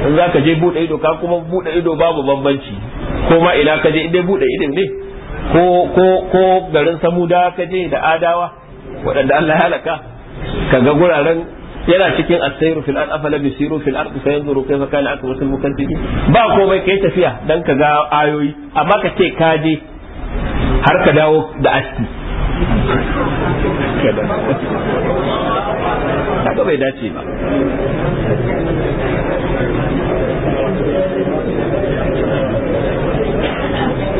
Speaker 2: in za ka je buɗe ido ka kuma buɗe ido babu bambanci ko ma ila ka je in dai buɗe ido ne ko ko ko garin samuda ka je da adawa waɗanda Allah ya halaka kaga guraren yana cikin asairu fil ard afala bisiru fil ard fa yanzuru kayfa kana akwatul mukazzibin ba komai kai tafiya dan kaga ayoyi amma ka ce ka je har ka dawo da aski kaga bai dace ba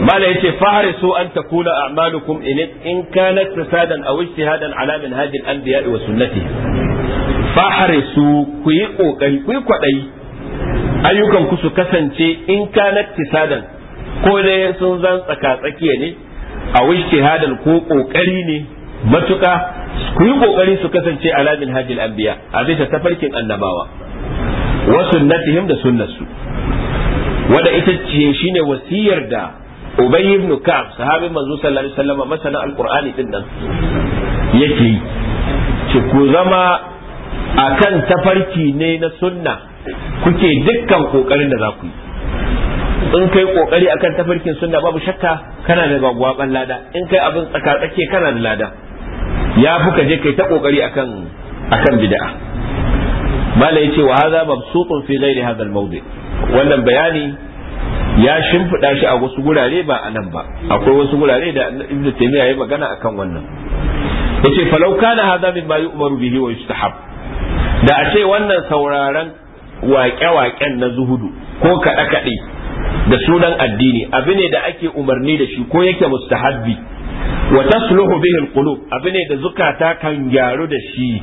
Speaker 2: mala yace farisu an takuna a'malukum in kanat fasadan aw ijtihadan ala al-anbiya wa sunnati farisu ku yi kokari ku yi kwadayi ayyukan ku su kasance in kanat fasadan ko dai sun zan tsaka tsakiya ne aw ijtihadan ko kokari ne matuka ku yi kokari su kasance ala al anbiya a bisa tafarkin annabawa wa sunnatihim da sunnarsu wanda ita ce shine wasiyar da ubay ibn kab sahabin manzo sallallahu alaihi wasallam masana alqur'ani din nan yake ce ku zama akan tafarki ne na sunna kuke dukkan kokarin da za ku yi in kai kokari akan tafarkin sunna babu shakka kana da gwagwaban lada in kai abin tsakatsake kana da lada ya fi ka je kai ta kokari akan akan bid'a mala yace wa hadha mabsutun fi ghairi hadha al wannan bayani ya shimfiɗa shi a wasu gurare ba a nan ba akwai wasu gurare da ibnu taymiya ya magana akan wannan yace falau kana hadha bayi yu'maru bihi wa yustahab da a ce wannan sauraron waƙe-waƙen na zuhudu ko kaɗe-kaɗe da sunan addini abu ne da ake umarni da shi ko yake mustahabbi wa tasluhu bihi alqulub abu ne da zukata kan gyaru da shi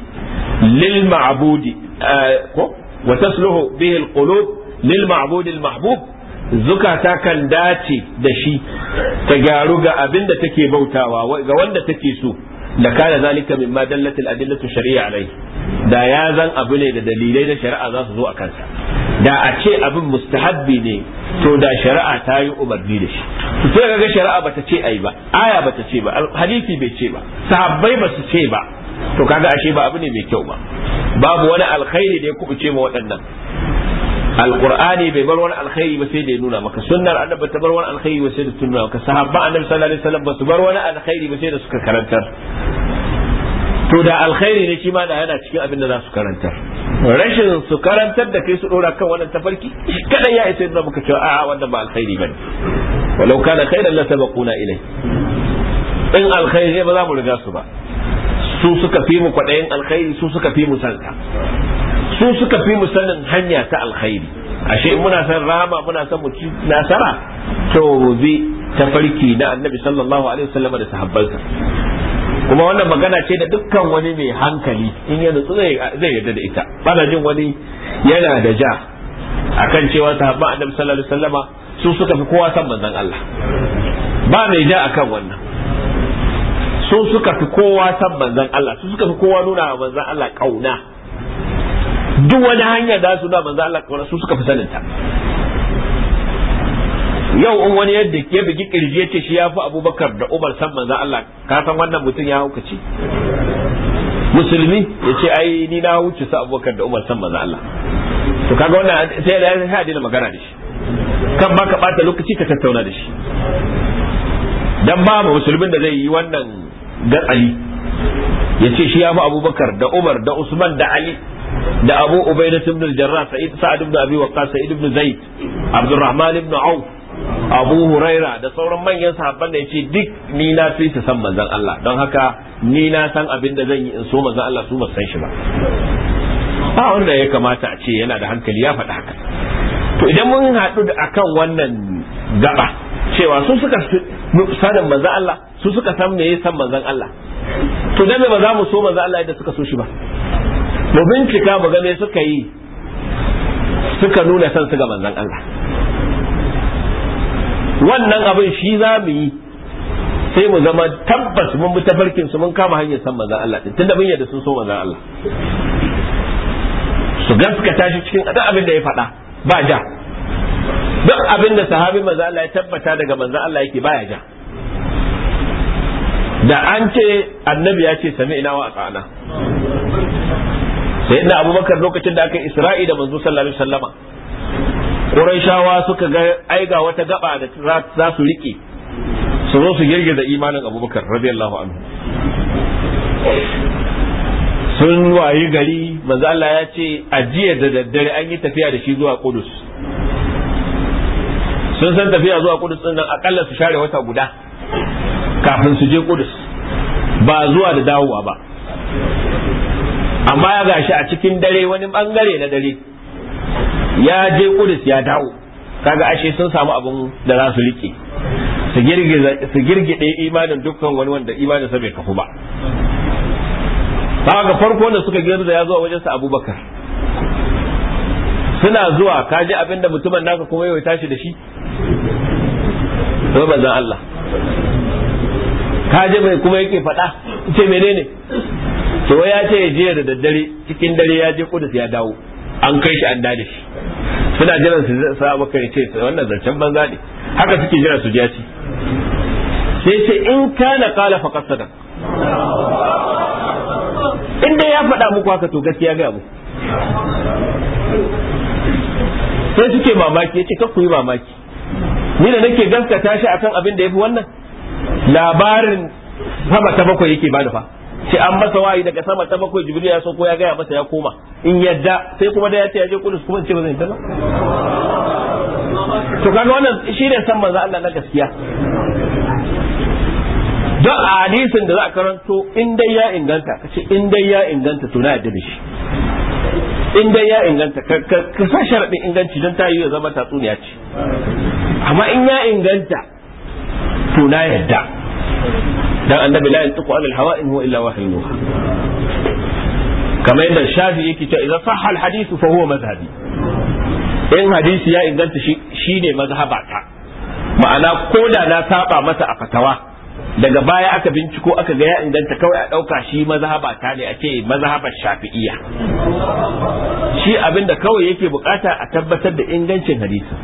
Speaker 2: lil ma'budi eh, ko wa tasluhu bihi alqulub lil ma'budi almahbub zukata kan dace da shi ta gyaru ga abin da take bautawa ga wanda take so da kana zalika mimma dallatil adillatu shari'a alai da ya zan abu ne da dalilai da shari'a za su zo a kansa da a ce abin mustahabbi ne to da shari'a ta yi umarni da shi sai kaga shari'a bata ce ai ba aya bata ce ba hadisi bai ce ba sahabbai ba su ce ba to kaga ashe ba abu ne mai kyau ba babu wani alkhairi da ya kubuce ma waɗannan alqur'ani bai bar wani alkhairi ba sai da ya nuna maka sunnar annabi ta bar wani alkhairi ba sai da ta nuna maka sahabba annabi sallallahu alaihi wasallam ba su bar wani alkhairi ba sai da suka karantar to da alkhairi ne shi ma da yana cikin abin da za su karantar rashin su karantar da kai su dora kan wannan tafarki kada ya isa nuna maka cewa a'a wannan ba alkhairi bane walau kana khairan la sabaquna ilai in alkhairi ne ba za mu riga su ba su suka fi mu kwaɗayin alkhairi su suka fi mu sanka su suka fi mu sanin hanya ta alkhairi ashe in muna san rama muna san mu nasara to mu bi farki na annabi sallallahu alaihi wasallam da sahabbansa kuma wannan magana ce da dukkan wani mai hankali in ya nutsu zai yarda da ita bana jin wani yana da ja akan cewa sahabban annabi sallallahu alaihi wasallama su suka fi kowa san manzon Allah ba mai ja akan wannan su suka fi kowa san manzon Allah su suka fi kowa nuna wa manzon Allah kauna duk wani hanya da su da manzo Allah kawai su suka fi sanin ta yau in wani yadda ya bigi kirji ya ce shi ya fi abubakar da umar san manzo Allah ka san wannan mutum ya hukace musulmi ya ce ai ni na wuce su abubakar da umar san manzo Allah to kaga wannan sai da ya hadi da magana da shi kan ba ka bata lokaci ka tattauna da shi dan babu musulmin da zai yi wannan gatsali ya ce shi ya fi abubakar da umar da usman da ali da abu ubaidah ibn al-jarrah sa'id sa'ad ibn abi waqqas sa'id ibn zaid abdurrahman ibn auf abu huraira da sauran manyan sahabban da yace duk ni na fi ta san manzon Allah don haka ni na san abin da zan yi in so manzon Allah su ba san shi ba ba wanda ya kamata a ce yana da hankali ya faɗa haka to idan mun haɗu da akan wannan gaba cewa su suka sanin manzon Allah su suka san me ya san manzon Allah to dan ba za mu so manzon Allah yadda suka so shi ba mu bincika mu game suka yi suka nuna son su ga manzon Allah wannan abin shi za mu yi sai mu zama tabbas mun bi tafarkin su mun kama hanyar san manzon Allah din tunda mun yarda sun so manzon Allah su gaskata shi cikin duk abin da ya faɗa ba ja duk abin da sahabi manzon Allah ya tabbata daga manzon Allah yake baya ja da an ce annabi ya ce sami ina wa tsana ina abubakar lokacin da aka yi isra'i da manzo sallallahu alaihi wasallama qurayshawa suka ga aiga wata gaba da za su rike su zo su girgiza imanin abubakar radiyallahu anhu sun wayi gari manzo Allah ya ce ajiya da daddare an yi tafiya da shi zuwa Kudus sun san tafiya zuwa Kudus din nan akalla su share wata guda kafin su je Kudus ba zuwa da dawowa ba amma ya gashi a cikin dare wani bangare na dare ya je kudus ya dawo kaga ashe sun samu abin da za su rike su girgide imanin dukkan wani wanda imanin sa bai kafu ba kaga farko da suka girgiza ya zo wajen sa abubakar suna zuwa kaji abinda mutumin naka kuma yau tashi da shi sai manzon Allah kaji mai kuma yake faɗa ce menene to ya ce ya je da daddare cikin dare ya je kudus ya dawo an kai shi an dade shi suna jiran su sa maka ya ce wannan zancen banza ne haka suke jira su ja ci sai ce in kana kala fa qasada inda ya faɗa muku haka to gaskiya ga mu sai suke mamaki ya ce kar ku yi mamaki ni da nake gaskata shi akan abin da yafi wannan labarin sama ta bakwai yake bani fa sai an masa wayi daga sama ta bakwai jibril ya so ko ya gaya masa ya koma in yadda sai kuma da ya ce ya je kudus kuma ce ba zai tana to kaga wannan shi ne san manzo Allah na gaskiya don a hadisin da za a karanto in dai ya inganta ka ce in dai ya inganta to na yadda da shi in dai ya inganta ka sa sharadin inganci don ta yi ya zama tatsuniya ce amma in ya inganta to na yadda dan annabi la yantiqu anil hawa in huwa illa wahyun yuha kamar yadda shafi yake cewa idan sahha al hadith fa huwa madhhabi in hadisi ya inganta shi shine mazhabata ma'ana ko na saba masa a fatawa daga baya aka binciko aka ga ya inganta kawai a ɗauka shi mazhabata ne a ce mazhabar shafi'iyya shi abinda kawai yake bukata a tabbatar da ingancin hadisi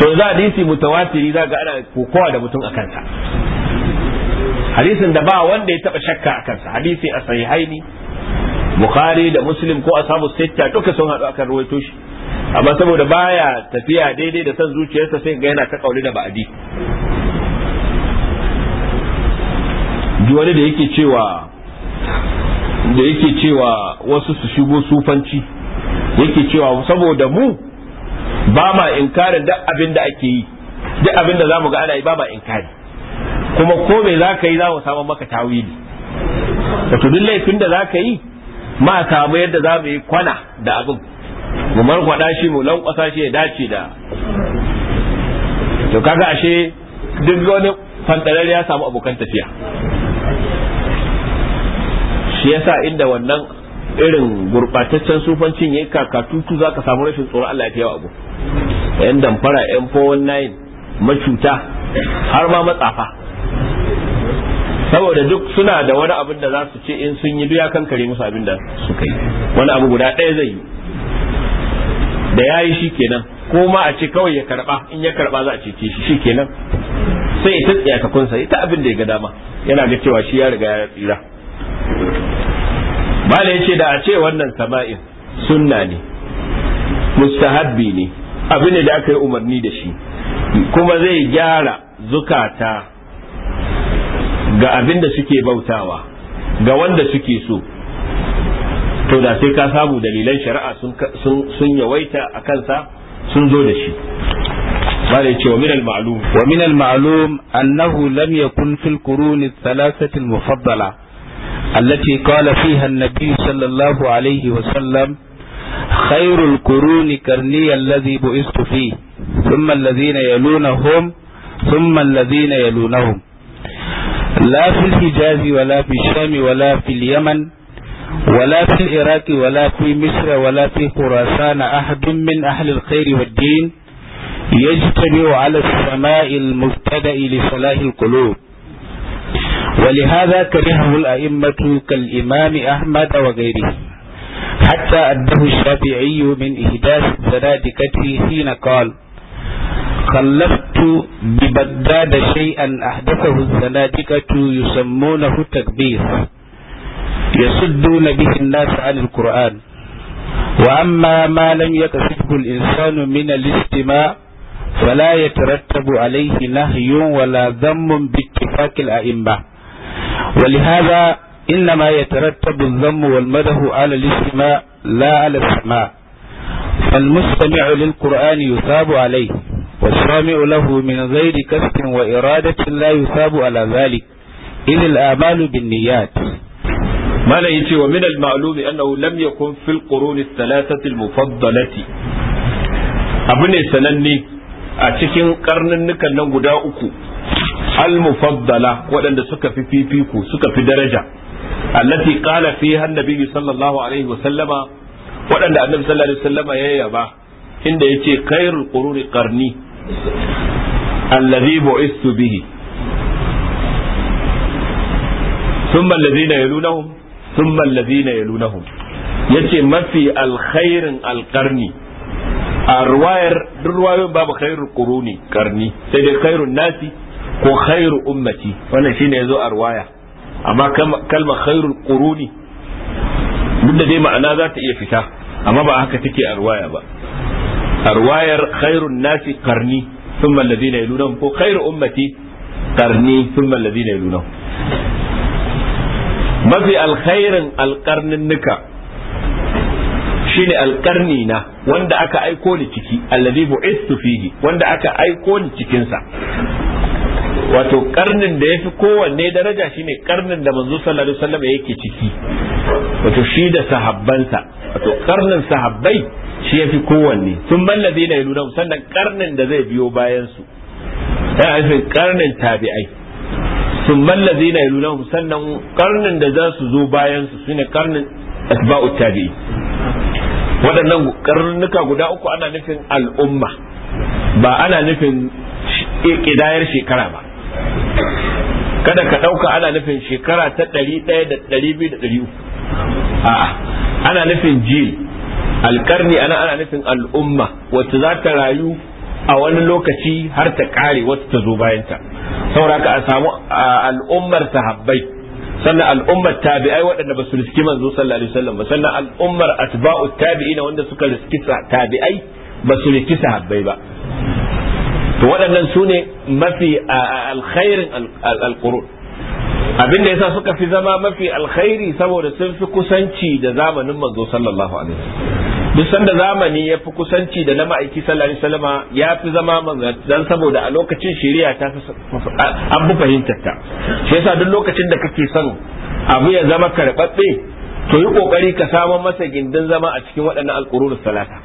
Speaker 2: to za hadisi mutawatiri za ga ana kokowa da mutum a kansa hadisin da ba wanda ya taba shakka a kansa hadisi a sahihaini bukhari da muslim ko ashabu sitta duka sun hadu akan ruwaito shi amma saboda baya tafiya daidai da san zuciyarsa sai ga yana ta kauli da ba'adi wani da yake cewa da yake cewa wasu su shigo sufanci yake cewa saboda mu ba ma inkarin duk abin da ake yi duk abin da za mu ga ana yi ba ma inkari kuma ko me za ka yi za mu samu maka tawili da duk laifin da za ka yi ma samu yadda za mu yi kwana da abin mu markwada shi mu lankwasa shi ya dace da to kaga ashe duk wani fantarar ya samu abokan tafiya shi yasa inda wannan irin gurbataccen sufancin yayi kakatutu zaka samu rashin tsoro Allah ya fi abu yan damfara yan 419 macuta har ma matsafa saboda duk suna da wani abin da za su ce in sun yi duya kan kare musu abin da suka yi wani abu guda ɗaya zai yi da ya yi shi kenan ko ma a ce kawai ya karba in ya karba za a ce shi shi kenan sai ita tsiyakakunsa ita abin da ya ga dama yana ga cewa shi ya riga ya tsira da ya ce da a ce wannan sama'in sunna ne mustahabbi ne abin ne da aka yi umarni da shi kuma zai gyara zukata ga abin da suke bautawa ga wanda suke so to da sai ka samu dalilan shari'a sun yawaita
Speaker 1: a kansa sun zo da shi bada ce wa minal ma'lum wa minal ma'lum annahu lam yakun fil qurun ath-thalathati al-mufaddala allati qala fiha an-nabi sallallahu alayhi wa sallam خير القرون كرني الذي بعثت فيه ثم الذين يلونهم ثم الذين يلونهم لا في الحجاز ولا في الشام ولا في اليمن ولا في العراق ولا في مصر ولا في خراسان أحد من أهل الخير والدين يجتمع على السماء المبتدأ لصلاح القلوب ولهذا كرهه الأئمة كالإمام أحمد وغيره حتى أده الشافعي من إحداث الزنادقة حين قال خلفت ببداد شيئا أحدثه الزنادقة يسمونه تكبير يصدون به الناس عن القرآن وأما ما لم يكسبه الإنسان من الاستماع فلا يترتب عليه نهي ولا ذم باتفاق الأئمة ولهذا إنما يترتب الذم والمده على الاستماع لا على السماع فالمستمع للقرآن يثاب عليه والسامع له من غير كسب وإرادة لا يثاب على ذلك إذ الآمال بالنيات
Speaker 2: ما نيتي ومن المعلوم أنه لم يكن في القرون الثلاثة المفضلة أبني سنني أتكين قرننك النوم داؤك المفضلة ولن سك في في فيكو سك في درجة التي قال فيها النبي صلى الله عليه وسلم ولن النبي صلى الله عليه وسلم يا يبا inda ya ce khairul quruni qarni allazi bu'istu bihi thumma allazina yalunahum thumma allazina yalunahum yace mafi alkhairin alqarni a ruwayar duk ruwayoyin babu khairul quruni ƙarni sai dai khairun nasi ko khairu ummati wannan shine yazo a ruwaya amma kalmar khairul quruni duk da dai ma'ana za ta iya fita amma ba haka take a ruwaya ba arwayar khairun nasi sun thumma alladhina yalunhum ko khairu ummati sun thumma alladhina yalunhum mafi alkhairin alƙarnin nuka shine alƙarni na wanda aka aiko ni ciki allazi bu'istu fihi wanda aka aiko ni cikinsa. wato karnin da ya fi kowanne daraja shine karnin da manzo sallallahu alaihi wasallam yake ciki wato shi da sahabbansa wato karnin sahabbai shi ya fi kowanne sun mallabi na yaluna sannan karnin da zai biyo bayansu. su ya nufin karnin tabi'ai sun mallabi na yaluna sannan karnin da za su zo bayansu su shine karnin asba'u tabi'i waɗannan karnuka guda uku ana nufin al'umma ba ana nufin ƙidayar shekara ba kada ka ɗauka ana nufin shekara ta ɗari ɗaya da ɗari biyu da ɗari uku ana nufin jil alƙarni ana ana nufin al'umma wacce za ta rayu a wani lokaci har ta ƙare wata ta zo bayanta saboda ka a samu al'ummar sahabbai sannan al'ummar tabi'ai waɗanda ba su riski manzo sallallahu alaihi wasallam ba sannan al'ummar atba'u tabi'ina wanda suka riski tabi'ai ba su riski sahabbai ba to waɗannan su ne mafi alkhairin alkurun abin da yasa suka fi zama mafi alkhairi saboda sun fi kusanci da zamanin manzo sallallahu alaihi duk sanda zamani ya fi kusanci da na ma'aiki sallallahu alaihi wasallam ya fi zama dan saboda a lokacin shari'a ta an fi fahimtar ta shi yasa duk lokacin da kake son abu ya zama karbabbe to yi kokari ka samu masa gindin zama a cikin waɗannan alƙurun salata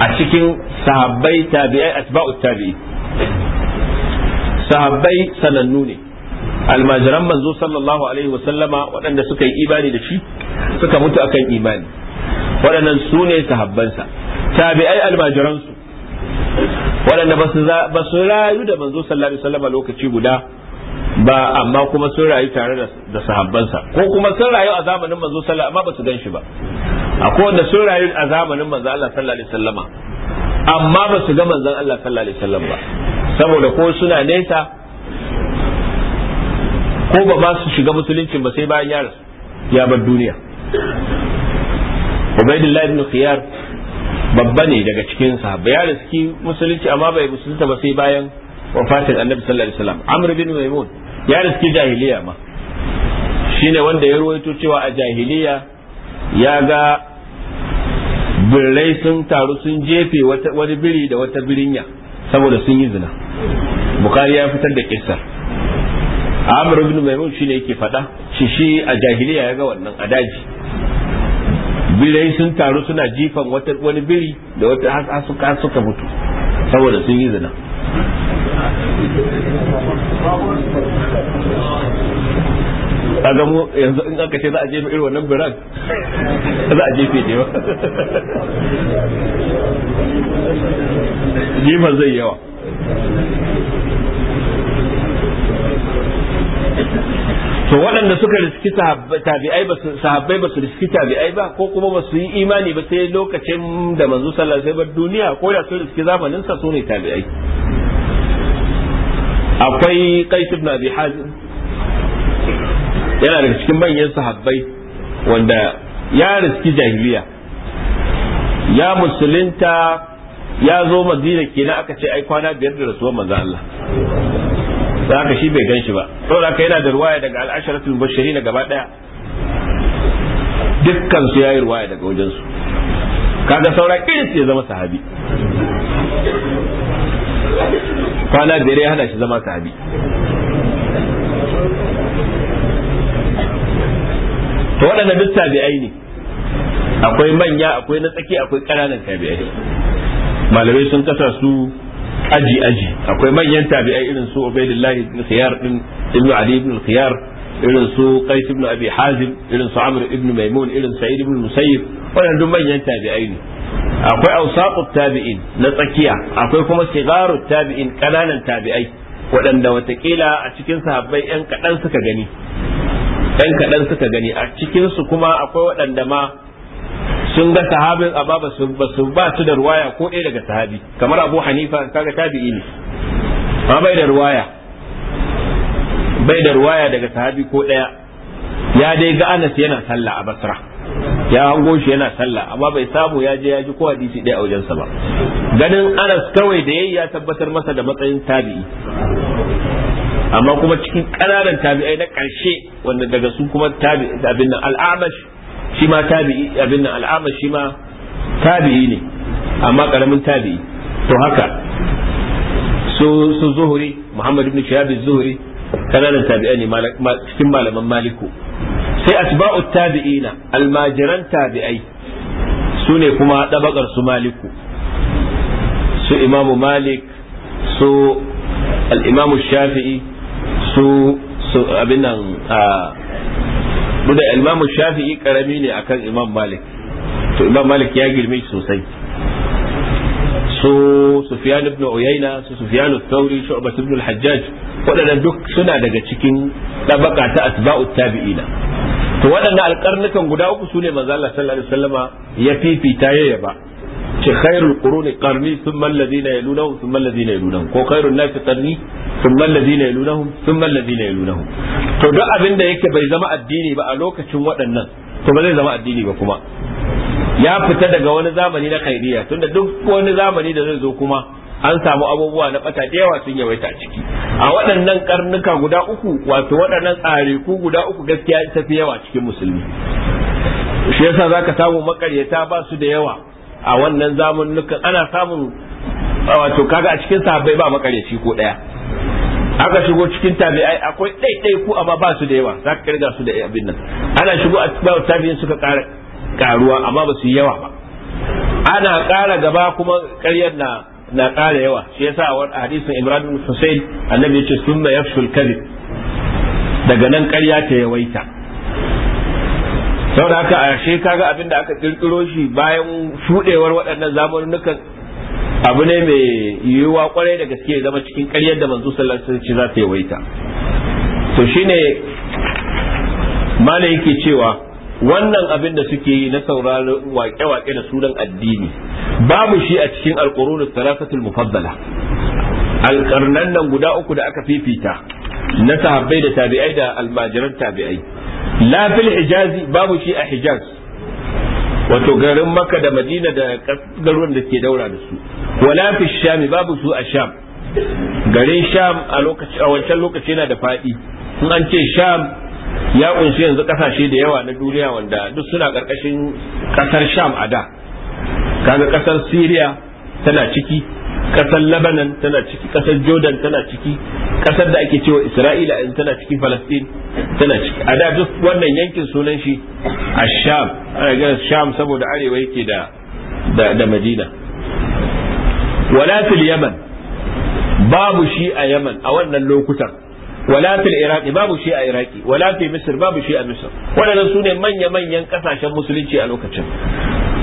Speaker 2: a cikin sahabbai tabi'ai asba'u tabi'i sahabbai sanannu ne almajiran manzo sallallahu alaihi wasallama waɗanda suka yi imani da shi suka mutu akan imani waɗannan su ne sahabbansa tabi'ai almajiransu waɗanda ba su rayu da manzo sallallahu alaihi wasallama lokaci guda ba amma kuma sun rayu tare da sahabbansa ko kuma sun rayu a zamanin manzo sallallahu wasallama ba su gan shi ba akwai wanda sun a zamanin manzan Allah sallallahu alaihi wasallama amma ba su ga manzan Allah sallallahu alaihi wasallam ba saboda ko suna nesa ko ba su shiga musuluncin ba sai bayan ya ya bar duniya Ubaidullah ibn Khiyar babba ne daga cikin ba ya riski musulunci amma bai musulunta ba sai bayan wafatin Annabi sallallahu alaihi wasallam Amr bin Maimun ya riski jahiliya ma shine wanda ya ruwaito cewa a jahiliya ya ga birrai sun taru sun jefe wani biri da wata birinya saboda sun yi zina bukari ya fitar da kisar amr ibn maimun ne yake fada shi shi a jahiliya ya ga wannan a daji Birrai sun taru suna jifan wata wani biri da wata hasuka suka mutu saboda sun yi zina a gamo yanzu in aka ce za a jefe irin wannan biran za a jefe ne ba jifar zai yawa to waɗanda suka riski tabi'ai ba sahabbai ba su riski tabi'ai ba ko kuma ba su yi imani ba sai lokacin da manzo sallallahu alaihi wasallam duniya ko da sun riski zamanin sa sune tabi'ai akwai qais ibn abi hazim yana daga cikin manyan sahabbai wanda ya riski jahiliya ya musulunta ya zo madina kenan aka ce ai kwana biyar da rasuwar manzo Allah saka shi bai gan shi ba saboda haka yana da ruwaya daga al-asharatul na gaba daya dukkan su yayi ruwaya daga wajen su kaga saura su ya zama sahabi kwana biyar ya hana shi zama sahabi to waɗanda duk tabi'ai ne akwai manya akwai na tsaki akwai ƙananan tabi'ai malamai sun kasa su aji aji akwai manyan tabi'ai irin su ubaidillah ibn khiyar din ibn ali ibn khiyar irin su qais ibn abi hazim irin su amr ibn maimun irin sa'id ibn musayyib Waɗanda duk manyan tabi'ai ne akwai awsaqut tabi'in na tsakiya akwai kuma sigarut tabi'in ƙananan tabi'ai waɗanda watakila a cikin sahabbai yan kaɗan suka gani dan kaɗan suka gani a cikinsu kuma akwai waɗanda ma sun ga sahabin amma ba su ba su da ruwaya ko ɗaya daga sahabi kamar abu hanifa kaga tabi'i ne amma bai da ruwaya bai da ruwaya daga sahabi ko ɗaya ya dai ga anas yana sallah a basra ya hango shi yana sallah amma bai samu ya je ya ji ko hadisi ɗaya a wajensa ba ganin anas kawai da yayi ya tabbatar masa da matsayin tabi'i amma kuma cikin ƙananan tabi'ai na ƙarshe wanda daga su kuma tabi'i abin nan al'amash shi ma tabi'i abin nan al'amash shi ma tabi'i ne amma ƙaramin tabi'i to haka su su zuhuri muhammad ibn shihab zuhuri ƙananan tabi'ai ne cikin malaman maliku sai asba'u tabi'ina almajiran tabi'ai su ne kuma ɗabakar su maliku su imamu malik su al-imamu shafi'i su abin nan da imamu shafi'i karami ne akan imam malik to imam malik ya girme sosai su sufyan ibn uyayna su sufyan al-thawri shu'bah ibn al-hajjaj waɗannan duk suna daga cikin tabaka ta asba'u tabi'ina to waɗannan alƙarnukan guda uku sune manzo Allah sallallahu alaihi wasallama ya fifita ya ce khairul quruni qarni thumma alladhina yalunahum thumma alladhina yalunahum ko khairun nasi qarni thumma alladhina yalunahum thumma alladhina yalunahum to duk abin da yake bai zama addini ba a lokacin waɗannan to ba zai zama addini ba kuma ya fita daga wani zamani na khairiyya tunda duk wani zamani da zai zo kuma an samu abubuwa na bata da yawa sun yawaita a ciki a waɗannan karnuka guda uku wato waɗannan tsareku guda uku gaskiya ta fi yawa cikin musulmi shi yasa zaka samu makaryata ba su da yawa a wannan zamanukan ana samun wato kaga a cikin sahabbai ba makareci ko daya aka shigo cikin tabi'ai akwai ɗaiɗai ku amma ba su da yawa za ka kirga su da abin nan ana shigo a tabi'in suka ƙara karuwa amma ba su yi yawa ba ana ƙara gaba kuma ƙaryar na na ƙara yawa shi yasa a hadisin Imran bin Husayn annabi ya ce sunna yafshul kadhib daga nan ƙarya ta yawaita saboda haka a she kaga abin da aka kirkiro shi bayan shudewar waɗannan zamanunukan abu ne mai yiwuwa kwarai da gaske zama cikin karyar da manzo sallallahu alaihi wasallam za ta yawaita to shine malai yake cewa wannan abin da suke yi na sauraron waƙe-waƙe da sunan addini babu shi a cikin alƙurun salasatul mufaddala alƙarnan nan guda uku da aka fifita na sahabbai da tabi'ai da almajiran tabi'ai la fil hijazi babu shi a hijaz wato garin makka da madina da garuruwan da ke daura da su wala fi shami babu su a sham garin sham a lokaci wancan lokaci yana da faɗi in an ce sham ya kunshi yanzu kasashe da yawa na duniya wanda duk suna karkashin kasar sham a da kaga kasar syria tana ciki kasar labanan tana ciki kasar jordan tana ciki kasar da ake cewa isra'ila yanzu tana ciki falastin tana ciki a da duk wannan yankin sunan shi a sham ana gina sham saboda arewa yake da da madina wala fil yaman babu shi a yaman a wannan lokutan wala fil iraqi babu shi a iraqi wala fil misr babu shi a misr waɗannan su ne manya-manyan kasashen musulunci a lokacin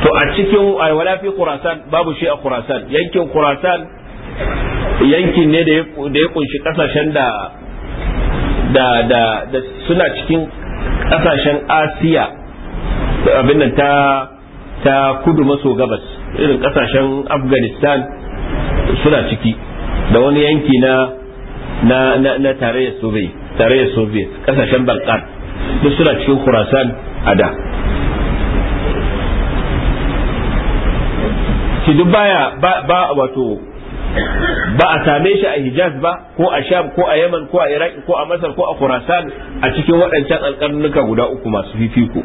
Speaker 2: to a cikin wala fi kurasan babu shi a kurasan yankin kurasan yankin ne da ya kunshi kasashen da da da suna cikin kasashen asiya abin nan ta ta kudu maso gabas irin kasashen afghanistan suna ciki da wani yanki na na na, na tarayyar soviet tarayyar soviet kasashen balkan duk suna cikin kurasan a da shi duk baya ba wato ba a same shi a Hijaz ba ko a Sham ko a Yaman ko a Iraq ko a Masar ko a Khurasan a cikin waɗancan alƙarnuka guda uku masu fifiko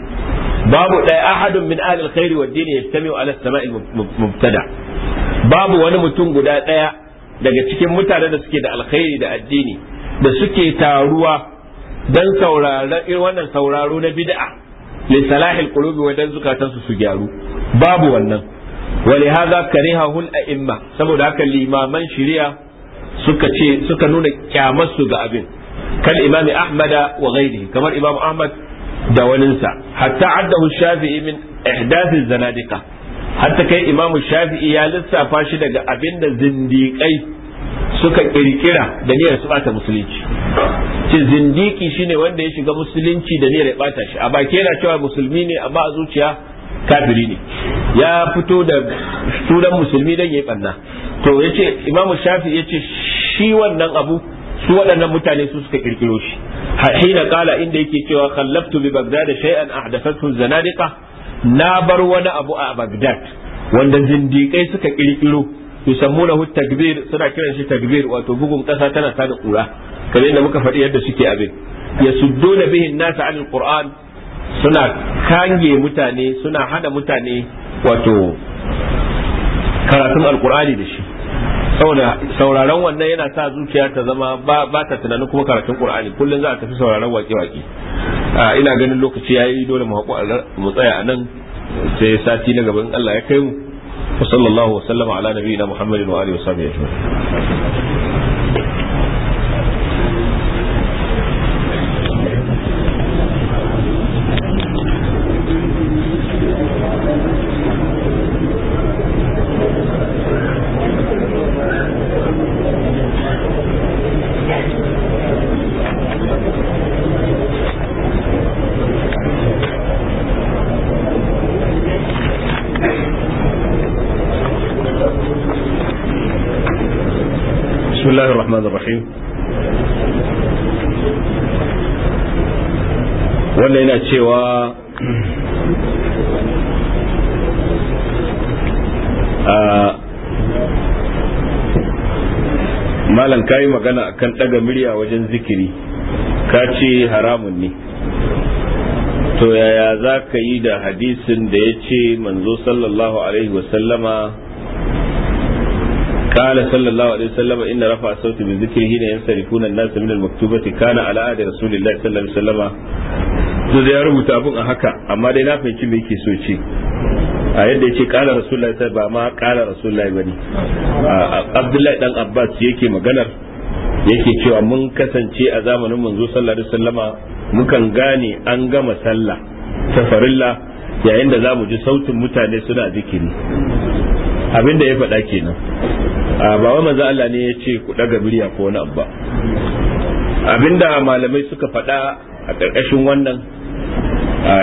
Speaker 2: babu ɗaya ahadun min ahli alkhairi wad dini yastami'u ala sama'il mubtada babu wani mutum guda ɗaya daga cikin mutanen da suke da alkhairi da addini da suke taruwa dan irin wannan sauraro na bid'a li salahil qulubi wa dan zukatansu su gyaru babu wannan ولهذا كرهه a سبب saboda haka limaman suka ce suka nuna kyamarsu ga abin kal imam ahmada wa ghairihi kamar imam ahmad da waninsa hatta addahu shafi'i min ihdath zanadika hatta kai imam shafi'i ya lissafa shi daga abin da zindiƙai suka kirkira da niyyar su bata musulunci ce zindiki shine wanda ya shiga musulunci da niyyar ya bata shi a baki yana cewa musulmi ne amma a zuciya kafiri ne ya fito da sunan musulmi dan yi banna to yace imam shafi ce shi wannan abu su waɗannan mutane su suka kirkiro shi hina kala inda yake cewa khallaftu bi bagdad shay'an ahdathathu zanadiqa na bar wani abu a bagdad wanda zindikai suka kirkiro yusammunahu takbir suna kiran shi takbir wato bugun kasa tana sada kura kamar yadda muka faɗi yadda suke abin yasudduna bihi an-nas 'an nas nasa al quran suna kange mutane suna hana mutane wato karatun alkur'ani da shi saboda sauraron wannan yana sa zuciya ta zama ba ta tunanin kuma karatun qur'ani kullum za a tafi sauraron waƙe-waƙe ina ganin lokaci yayi dole mu tsaya a nan sai sati na gaban Allah ya kai mu sallallahu wa sallama ala nabiyina muhammadin wa alihi wa sahbihi الله الرحمن الرحيم yana cewa malam kayi magana akan ɗaga murya wajen zikiri ka ce haramun ne to yaya za ka yi da hadisin da ya ce manzo sallallahu alaihi wasallama قال صلى الله عليه وسلم إن رفع الصوت بالذكر حين ينصرفون الناس من المكتوبة كان على عهد رسول الله صلى الله عليه وسلم to da ya rubuta abun a haka amma dai na fahimci me yake so ce a yadda ya ce kala rasulullahi sai ba ma kala rasulullahi bane abdullahi dan abbas yake maganar yake cewa mun kasance a zamanin manzo sallallahu alaihi wasallama mukan gane an gama sallah ta farilla yayin da zamu ji sautin mutane suna zikiri da ya faɗa kenan ba wa manzo Allah ne ya ce ku daga murya ko wani abba abinda malamai suka faɗa a ƙarƙashin wannan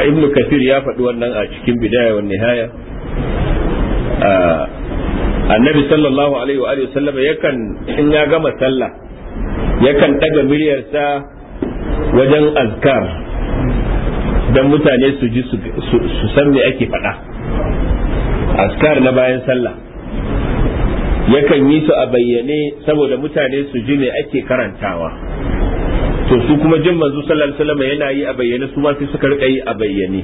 Speaker 2: ibnu kafir ya faɗi wannan a cikin bidaya wa nihaya annabi sallallahu alaihi wa sallam yakan in ya gama sallah yakan daga muryarsa wajen azkar dan mutane su ji su san me ake faɗa azkar na bayan sallah yakan yi su a bayyane saboda mutane su ji me ake karantawa to su kuma jin manzo sallallahu alaihi yana yi a bayyane su ma sai suka rika yi a bayyane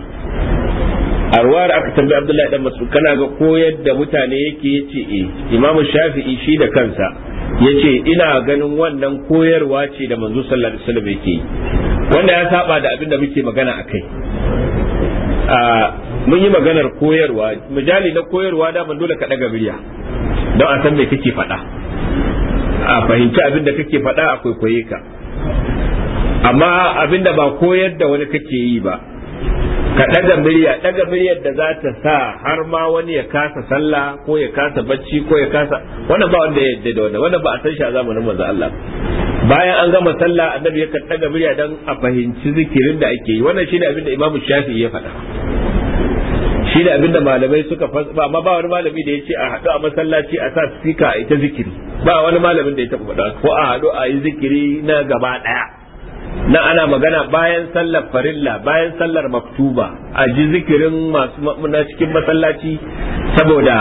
Speaker 2: arwar aka tambayi abdullahi dan masu kana ga koyar da mutane yake yace eh imamu shafi'i shi da kansa yace ina ganin wannan koyarwa ce da manzo sallallahu alaihi yake yi wanda ya saba da abin da muke magana akai a mun yi maganar koyarwa mujali na koyarwa da man dole ka daga birya don a san me kake faɗa a fahimci abin da kake faɗa a kwaikwaye ka amma abin da ba koyar da wani kake yi ba ka ɗaga murya ɗaga muryar da za ta sa har ma wani ya kasa sallah ko ya kasa bacci ko ya kasa wannan ba wanda ya yadda da wannan wannan ba a san shi a zamanin manzo Allah bayan an gama sallah annabi ya ɗaga murya dan a fahimci zikirin da ake yi wannan shine abin da Imam Shafi'i ya faɗa shi ne abinda malamai suka fasa amma ba wani malami da ya ce a haɗu a masallaci a sa sika a ita zikiri ba wani malamin da ya taɓa faɗa ko a haɗu a yi zikiri na gaba ɗaya na ana magana bayan sallar farilla bayan sallar maktuba a ji zikirin masu na cikin masallaci saboda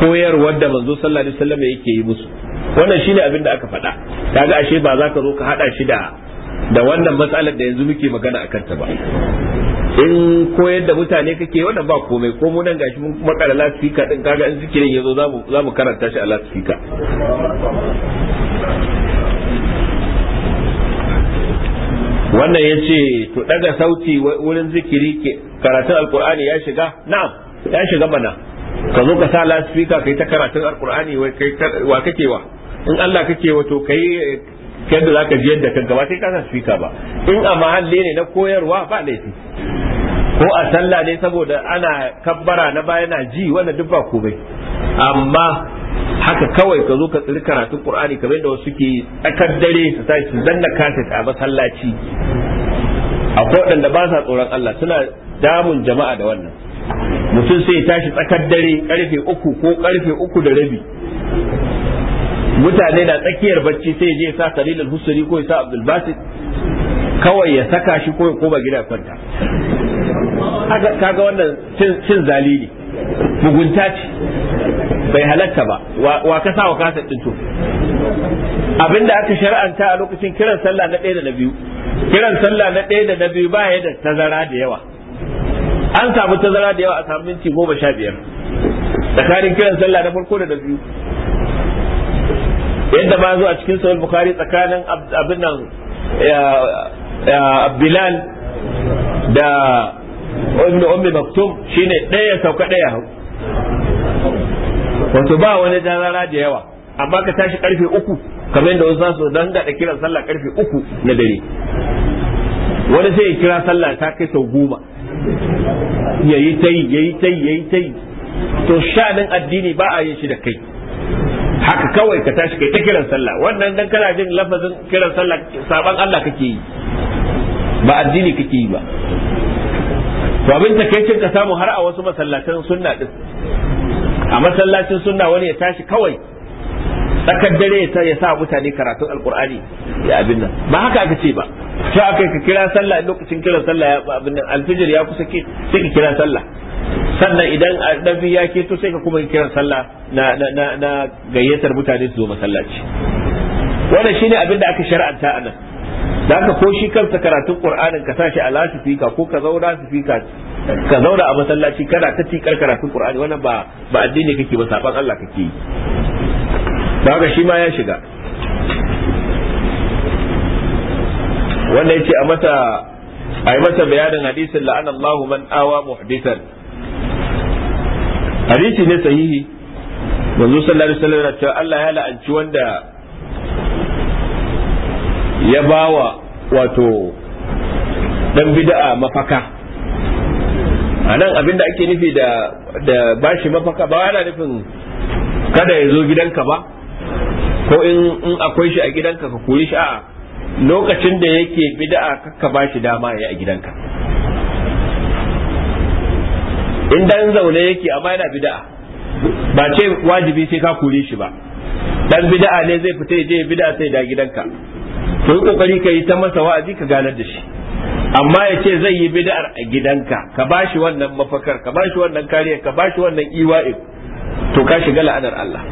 Speaker 2: koyarwar da manzo sallallahu alaihi wasallam yake yi musu wannan shine abin da aka faɗa kaga ashe ba za ka zo ka haɗa shi da da wannan matsalar da yanzu muke magana akan ta ba in koyar da mutane kake wannan ba komai ko mu nan gashi mun makara lasfika din kaga in zikirin yazo zamu zamu karanta shi a lasfika wannan yace to daga sauti wurin zikiri ke karatun alqur'ani ya shiga na'am ya shiga mana ka zo ka sa lasfika kai ta karatun alqur'ani wai kai wa kake wa in Allah kake wa to kai yadda zaka ji yadda kanka ba sai ka san speaker ba in a mahalli ne na koyarwa ba laifi ko a sallah ne saboda ana kabbara na baya na ji wannan duk ba komai amma haka kawai ka zo ka tsiri karatun qur'ani kamar yadda wasu ke tsakar dare su tashi su danna kaset a masallaci akwai waɗanda ba sa tsoron Allah suna damun jama'a da wannan mutum sai ya tashi tsakar dare karfe uku ko karfe uku da rabi mutane na tsakiyar bacci sai ya je ya sa al husuri ko ya sa abdul basit kawai ya saka shi ko ya koma gida kwanta kaga wannan cin zali ne mugunta ce bai halatta ba wa ka sa wa kasa din to abinda aka shar'anta a lokacin kiran sallah na ɗaya da na biyu kiran sallah na ɗaya da na biyu ba ya da tazara da yawa an samu tazara da yawa a samu minti goma sha biyar tsakanin kiran sallah na farko da na biyu yadda ma zo a cikin sahih bukhari tsakanin abin nan bilal da ibn ummi maktum shine ɗaya sauka daya wato ba wani jarara da yawa amma ka tashi karfe uku kamar yadda wasu zasu dan da kiran sallah karfe uku na dare wani sai ya kira sallah ta kai sau goma yayi tai yayi tai yayi tai to sha'anin addini ba a yin shi da kai haka kawai ka tashi kai ta kiran sallah wannan dan kana jin lafazin kiran sallah saban Allah kake yi ba addini kake yi ba to abin takeicin ka samu har a wasu masallatan sunna din a masallacin sunna wani ya tashi kawai tsakar dare ya ya sa mutane karatun alkur'ani ya abin nan ba haka aka ce ba sai aka ka kira sallah lokacin kiran sallah ya abin nan alfijir ya kusa sai ka kira sallah sannan idan annabi ya keto sai ka kuma kiran sallah na gayyatar mutane su zo masallaci wannan shine abin da aka shara'anta a nan da aka ko shi kansa karatun qur'anin ka sashi a lasifika ko ka zauna sifika ka zauna a masallaci kana ta tikar karatun qur'ani wannan ba ba addini kake ba saban Allah kake yi Ba ga shi ma ya shiga wannan yace a mata a yi masa bayanin hadisin la'anallahu man awa muhdithan hadisi ne sahihi manzo sallallahu alaihi wasallam yana cewa Allah ya la'anci wanda ya bawa wato dan bid'a mafaka a abinda ake nufi da da bashi mafaka ba yana nufin kada ya zo gidanka ba ko in akwai shi a gidanka ka koyi shi a lokacin da yake bid'a kakka bashi dama ya a gidanka in dan zaune yake amma yana bid'a ba ce wajibi sai ka kore shi ba dan bid'a ne zai fita je bid'a sai da gidanka to yi kokari ka yi ta masa wa'azi ka ganar da shi amma ya ce zai yi bid'ar a gidanka ka bashi wannan mafakar ka bashi wannan kariya ka bashi wannan iwa'in to ka shiga la'anar Allah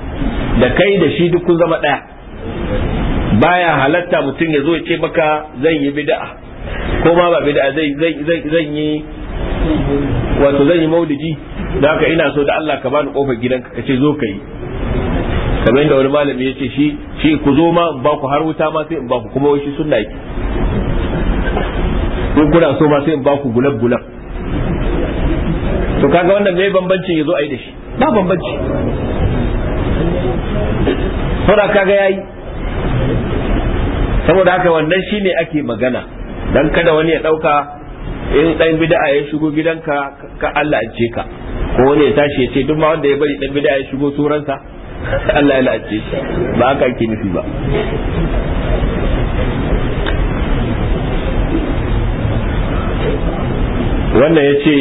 Speaker 2: da kai da shi duk kun zama daya baya halatta mutum ya zo ya ce maka zan yi bid'a ko ma ba bid'a zai zai zai yi wato zan yi maulidi da haka ina so da Allah ka bani kofar gidanka ka ce zo ka yi kamar da wani malami ya ce shi shi ku zo ma ba ku har wuta ma sai in ba ku kuma wai shi sunna yake in kuna so ma sai in ba ku gulab gulab to kaga wannan me bambancin yazo yi da shi ba bambanci saboda kaga yayi saboda haka wannan shine ake magana dan kada wani ya dauka in ɗan bid'a ya shigo gidanka ka Allah ajiye ka ko wani ya tashi ya ce duk ma wanda ya bari dan bid'a ya shigo turansa Allah ya la'ace shi ba haka ake nufi ba wannan ya ce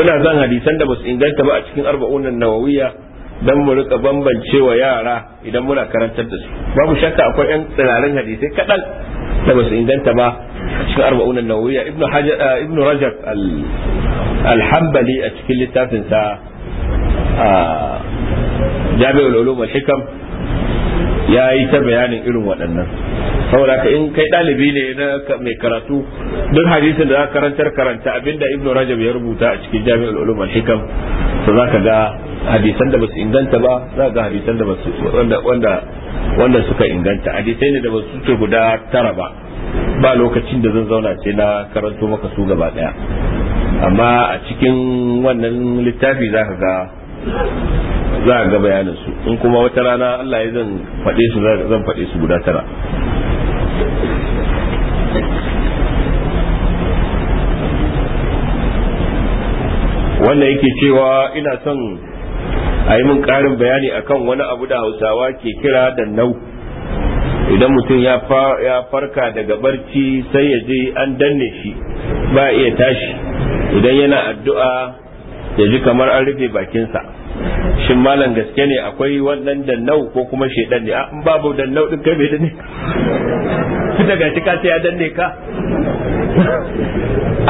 Speaker 2: muna zan hadisan da basu inganta ba a cikin arba'unan nawawiya don mu rika bambance wa yara idan muna karantar da su babu shakka akwai yan tsirarin hadisai kaɗan da basu inganta ba cikin arba'un an-nawawiyya ibnu hajar eh, ibnu rajab al-hanbali a cikin littafin sa ah, jami'ul ulum al-hikam ya yi ta bayanin irin waɗannan saboda ka in kai ɗalibi ne na mai karatu duk hadisin da za ka karantar karanta abinda ibn rajab ya rubuta a cikin jami'ul ulum al-hikam to za ka ga hadisan da basu inganta ba za ka ga hadisan da basu wanda wanda wanda suka inganta hadisai ne da basu ce guda tara ba ba lokacin da zan zauna sai na karanto maka su gaba daya amma a cikin wannan littafi za ka ga za ga bayanin su in kuma wata rana Allah ya zan faɗe su zan faɗe su guda tara wannan yake cewa ina son a yi min ƙarin bayani akan wani abu da hausawa ke kira da nau idan mutum ya farka daga barci sai ya je an danne shi ba iya tashi idan yana addu'a ya ji kamar an rufe bakinsa shin malam gaske ne akwai wannan dannau ko kuma shaidan ne in babu dannau din kai da ni fita ga shi ka sai ya danne ka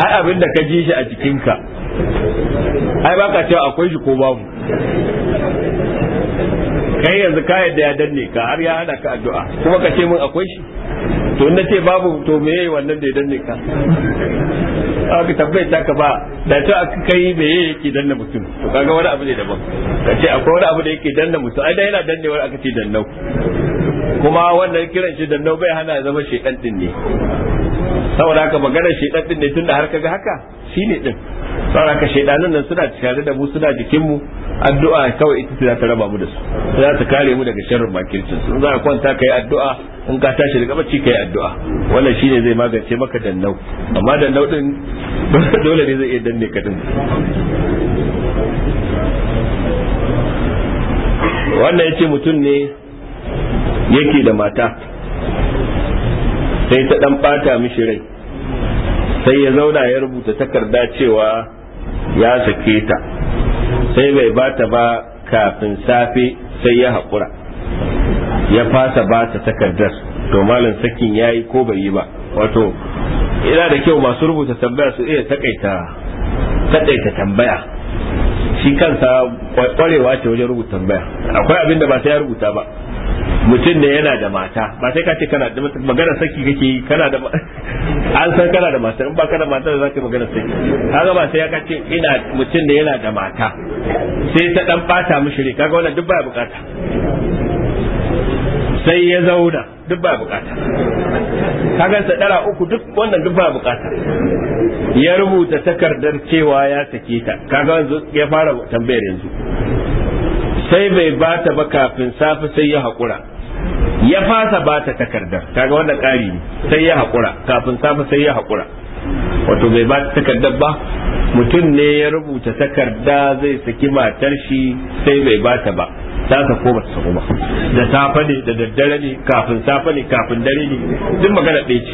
Speaker 2: ai abin da ka ji shi a jikinka ai baka cewa akwai shi ko babu kai yanzu ka yadda ya danne ka har ya hana ka addu'a kuma ka ce min akwai shi to in ce babu to me wannan da ya danne ka aka tabbai ta ka ba da ta aka kai me yake danna mutum to kaga wani abu ne daban ka ce akwai wani abu da yake danna mutum ai da yana dannewar aka ce dannau kuma wannan kiran shi dannau bai hana ya zama shedan din ne saboda haka maganar shedan din ne tunda har kaga haka shine din saboda ka shaidanin nan suna tare da mu suna jikin mu addu'a kawai ita za ta raba mu da su za ta kare mu daga sharrin makircin su za ka kwanta kai addu'a in ka tashi daga bacci kai addu'a wannan shine zai magance maka dannau amma dannau din dole ne zai iya danne ka din wannan yace mutum ne yake da mata sai ta dan bata mishi rai sai ya zauna ya rubuta takarda cewa ya sake ta sai bai bata ba kafin safe sai ya haƙura ya fasa ba ta takardar to malam sakin ya yi ko bai yi ba wato ina da kyau masu rubuta tambaya su iya takaita takaita tambaya shi kansa kwarewa ce wajen rubuta tambaya akwai abin da ba sai ya rubuta ba mutum ne yana da mata ba sai ka ce kana da magana saki kake yi kana da an san kana da mata in ba kana da mata za ka magana saki kaga ba sai ya kace ina mutum ne yana da mata sai ta dan bata mishi rai kaga wannan duk baya bukata sai ya zauna duk baya bukata kaga sa dara uku duk wannan duk baya bukata ya rubuta takardar cewa ya sake ta kaga ya fara tambayar yanzu sai bai bata ba kafin safe sai ya haƙura ya fasa ba ta takardar kaga wannan ƙari ne sai ya haƙura kafin safe sai ya haƙura wato bai ba ta takardar ba mutum ne ya rubuta takarda zai saki matar shi sai bai ba ta ba ta sako ba ta sako ba da safe ne da daddare ne kafin safe ne kafin dare ne duk magana ɗaya ce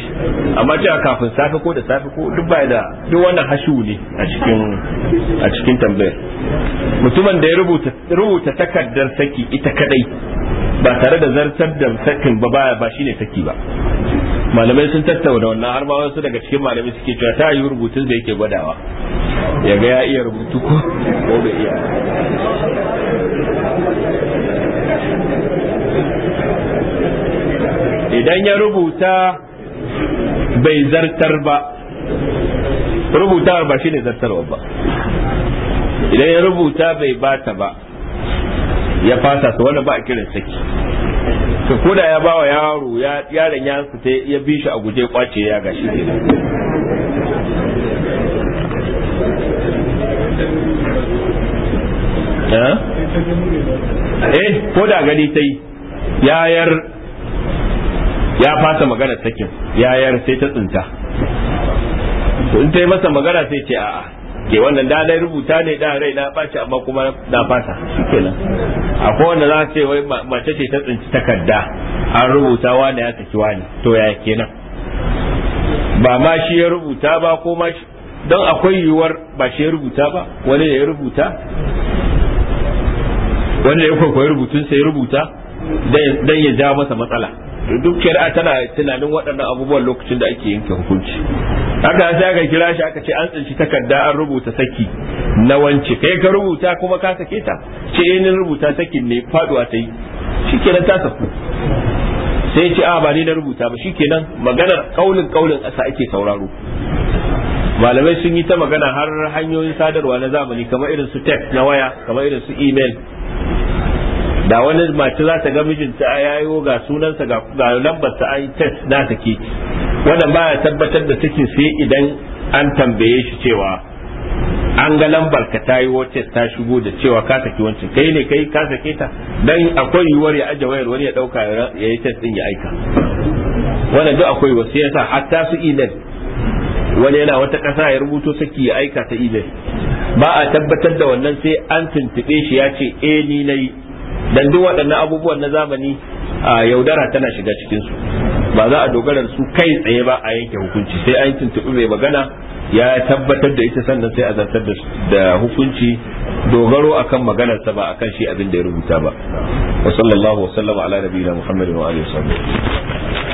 Speaker 2: amma cewa kafin safe ko da safe ko duk baya da duk wannan hashu ne a cikin a cikin tambayar mutumin da ya rubuta rubuta takardar saki ita kadai ba tare da zartar da sakin ba ba ba shine saki ba malamai sun tattauna wannan har ma wasu daga cikin malamai suke cewa ta yi rubutun da yake gwadawa ya ga ya iya rubutu ko bai iya idan ya rubuta bai zartar ba rubutawar ba shi ne zartarwa ba idan ya rubuta bai bata ba ya fasa su wani ba a kiran saki to koda ya bawa yaro ya yaron ya fita ya bi shi a guje kwace ya gashi ne eh? eh ko da gani ta yi yayar ya fasa magana sakin yar sai ta tsinta to in ta yi masa magana sai ce a'a ke wannan da dai rubuta ne da rai na ɓaci amma kuma na fasa shikenan akwai wanda za ce wai mace ce ta tsinci takarda an rubuta wani ya saki wani to ya kenan ba ma shi ya rubuta ba ko ma don akwai yiwuwar ba shi ya rubuta ba wani ya rubuta wani ya kwakwai rubutun sai rubuta dan ya ja masa matsala duk shari'a tana tunanin waɗannan abubuwan lokacin da ake yanke hukunci haka sai aka kira shi aka ce an tsinci takarda an rubuta saki na wance kai ka rubuta kuma ka sake ta ce eh, in rubuta sakin ne faduwa ta yi shikenan ta saku sai ce a ba ni na rubuta ba shikenan maganar kaulin kaulin asa ake sauraro malamai sun yi ta magana har hanyoyin sadarwa na zamani kamar irin su text na waya kamar irin su email da wani mace za ta ga mijinta a yayo ga sunansa ga lambar ta ai test na take wannan baya tabbatar da take sai idan an tambaye shi cewa an ga lambar ka ta yi wace ta shigo da cewa ka saki wancan kai ne kai ka sake ta dan akwai yiwuwar ya aje wayar wani ya dauka ya yi test din ya aika wannan duk akwai wasu yasa hatta su email wani yana wata ƙasa ya rubuto saki ya aika ta email ba a tabbatar da wannan sai an tuntube shi ya ce eh ni nayi dan duk waɗannan abubuwan na zamani a yaudara tana shiga cikin su ba za a dogara su kai tsaye ba a yanke hukunci sai an tuntuɓi mai magana ya tabbatar da ita sannan sai a zartar da hukunci dogaro akan maganarsa ba akan shi abin da ya rubuta ba wa sallallahu wa sallama ala nabiyina muhammadin wa alihi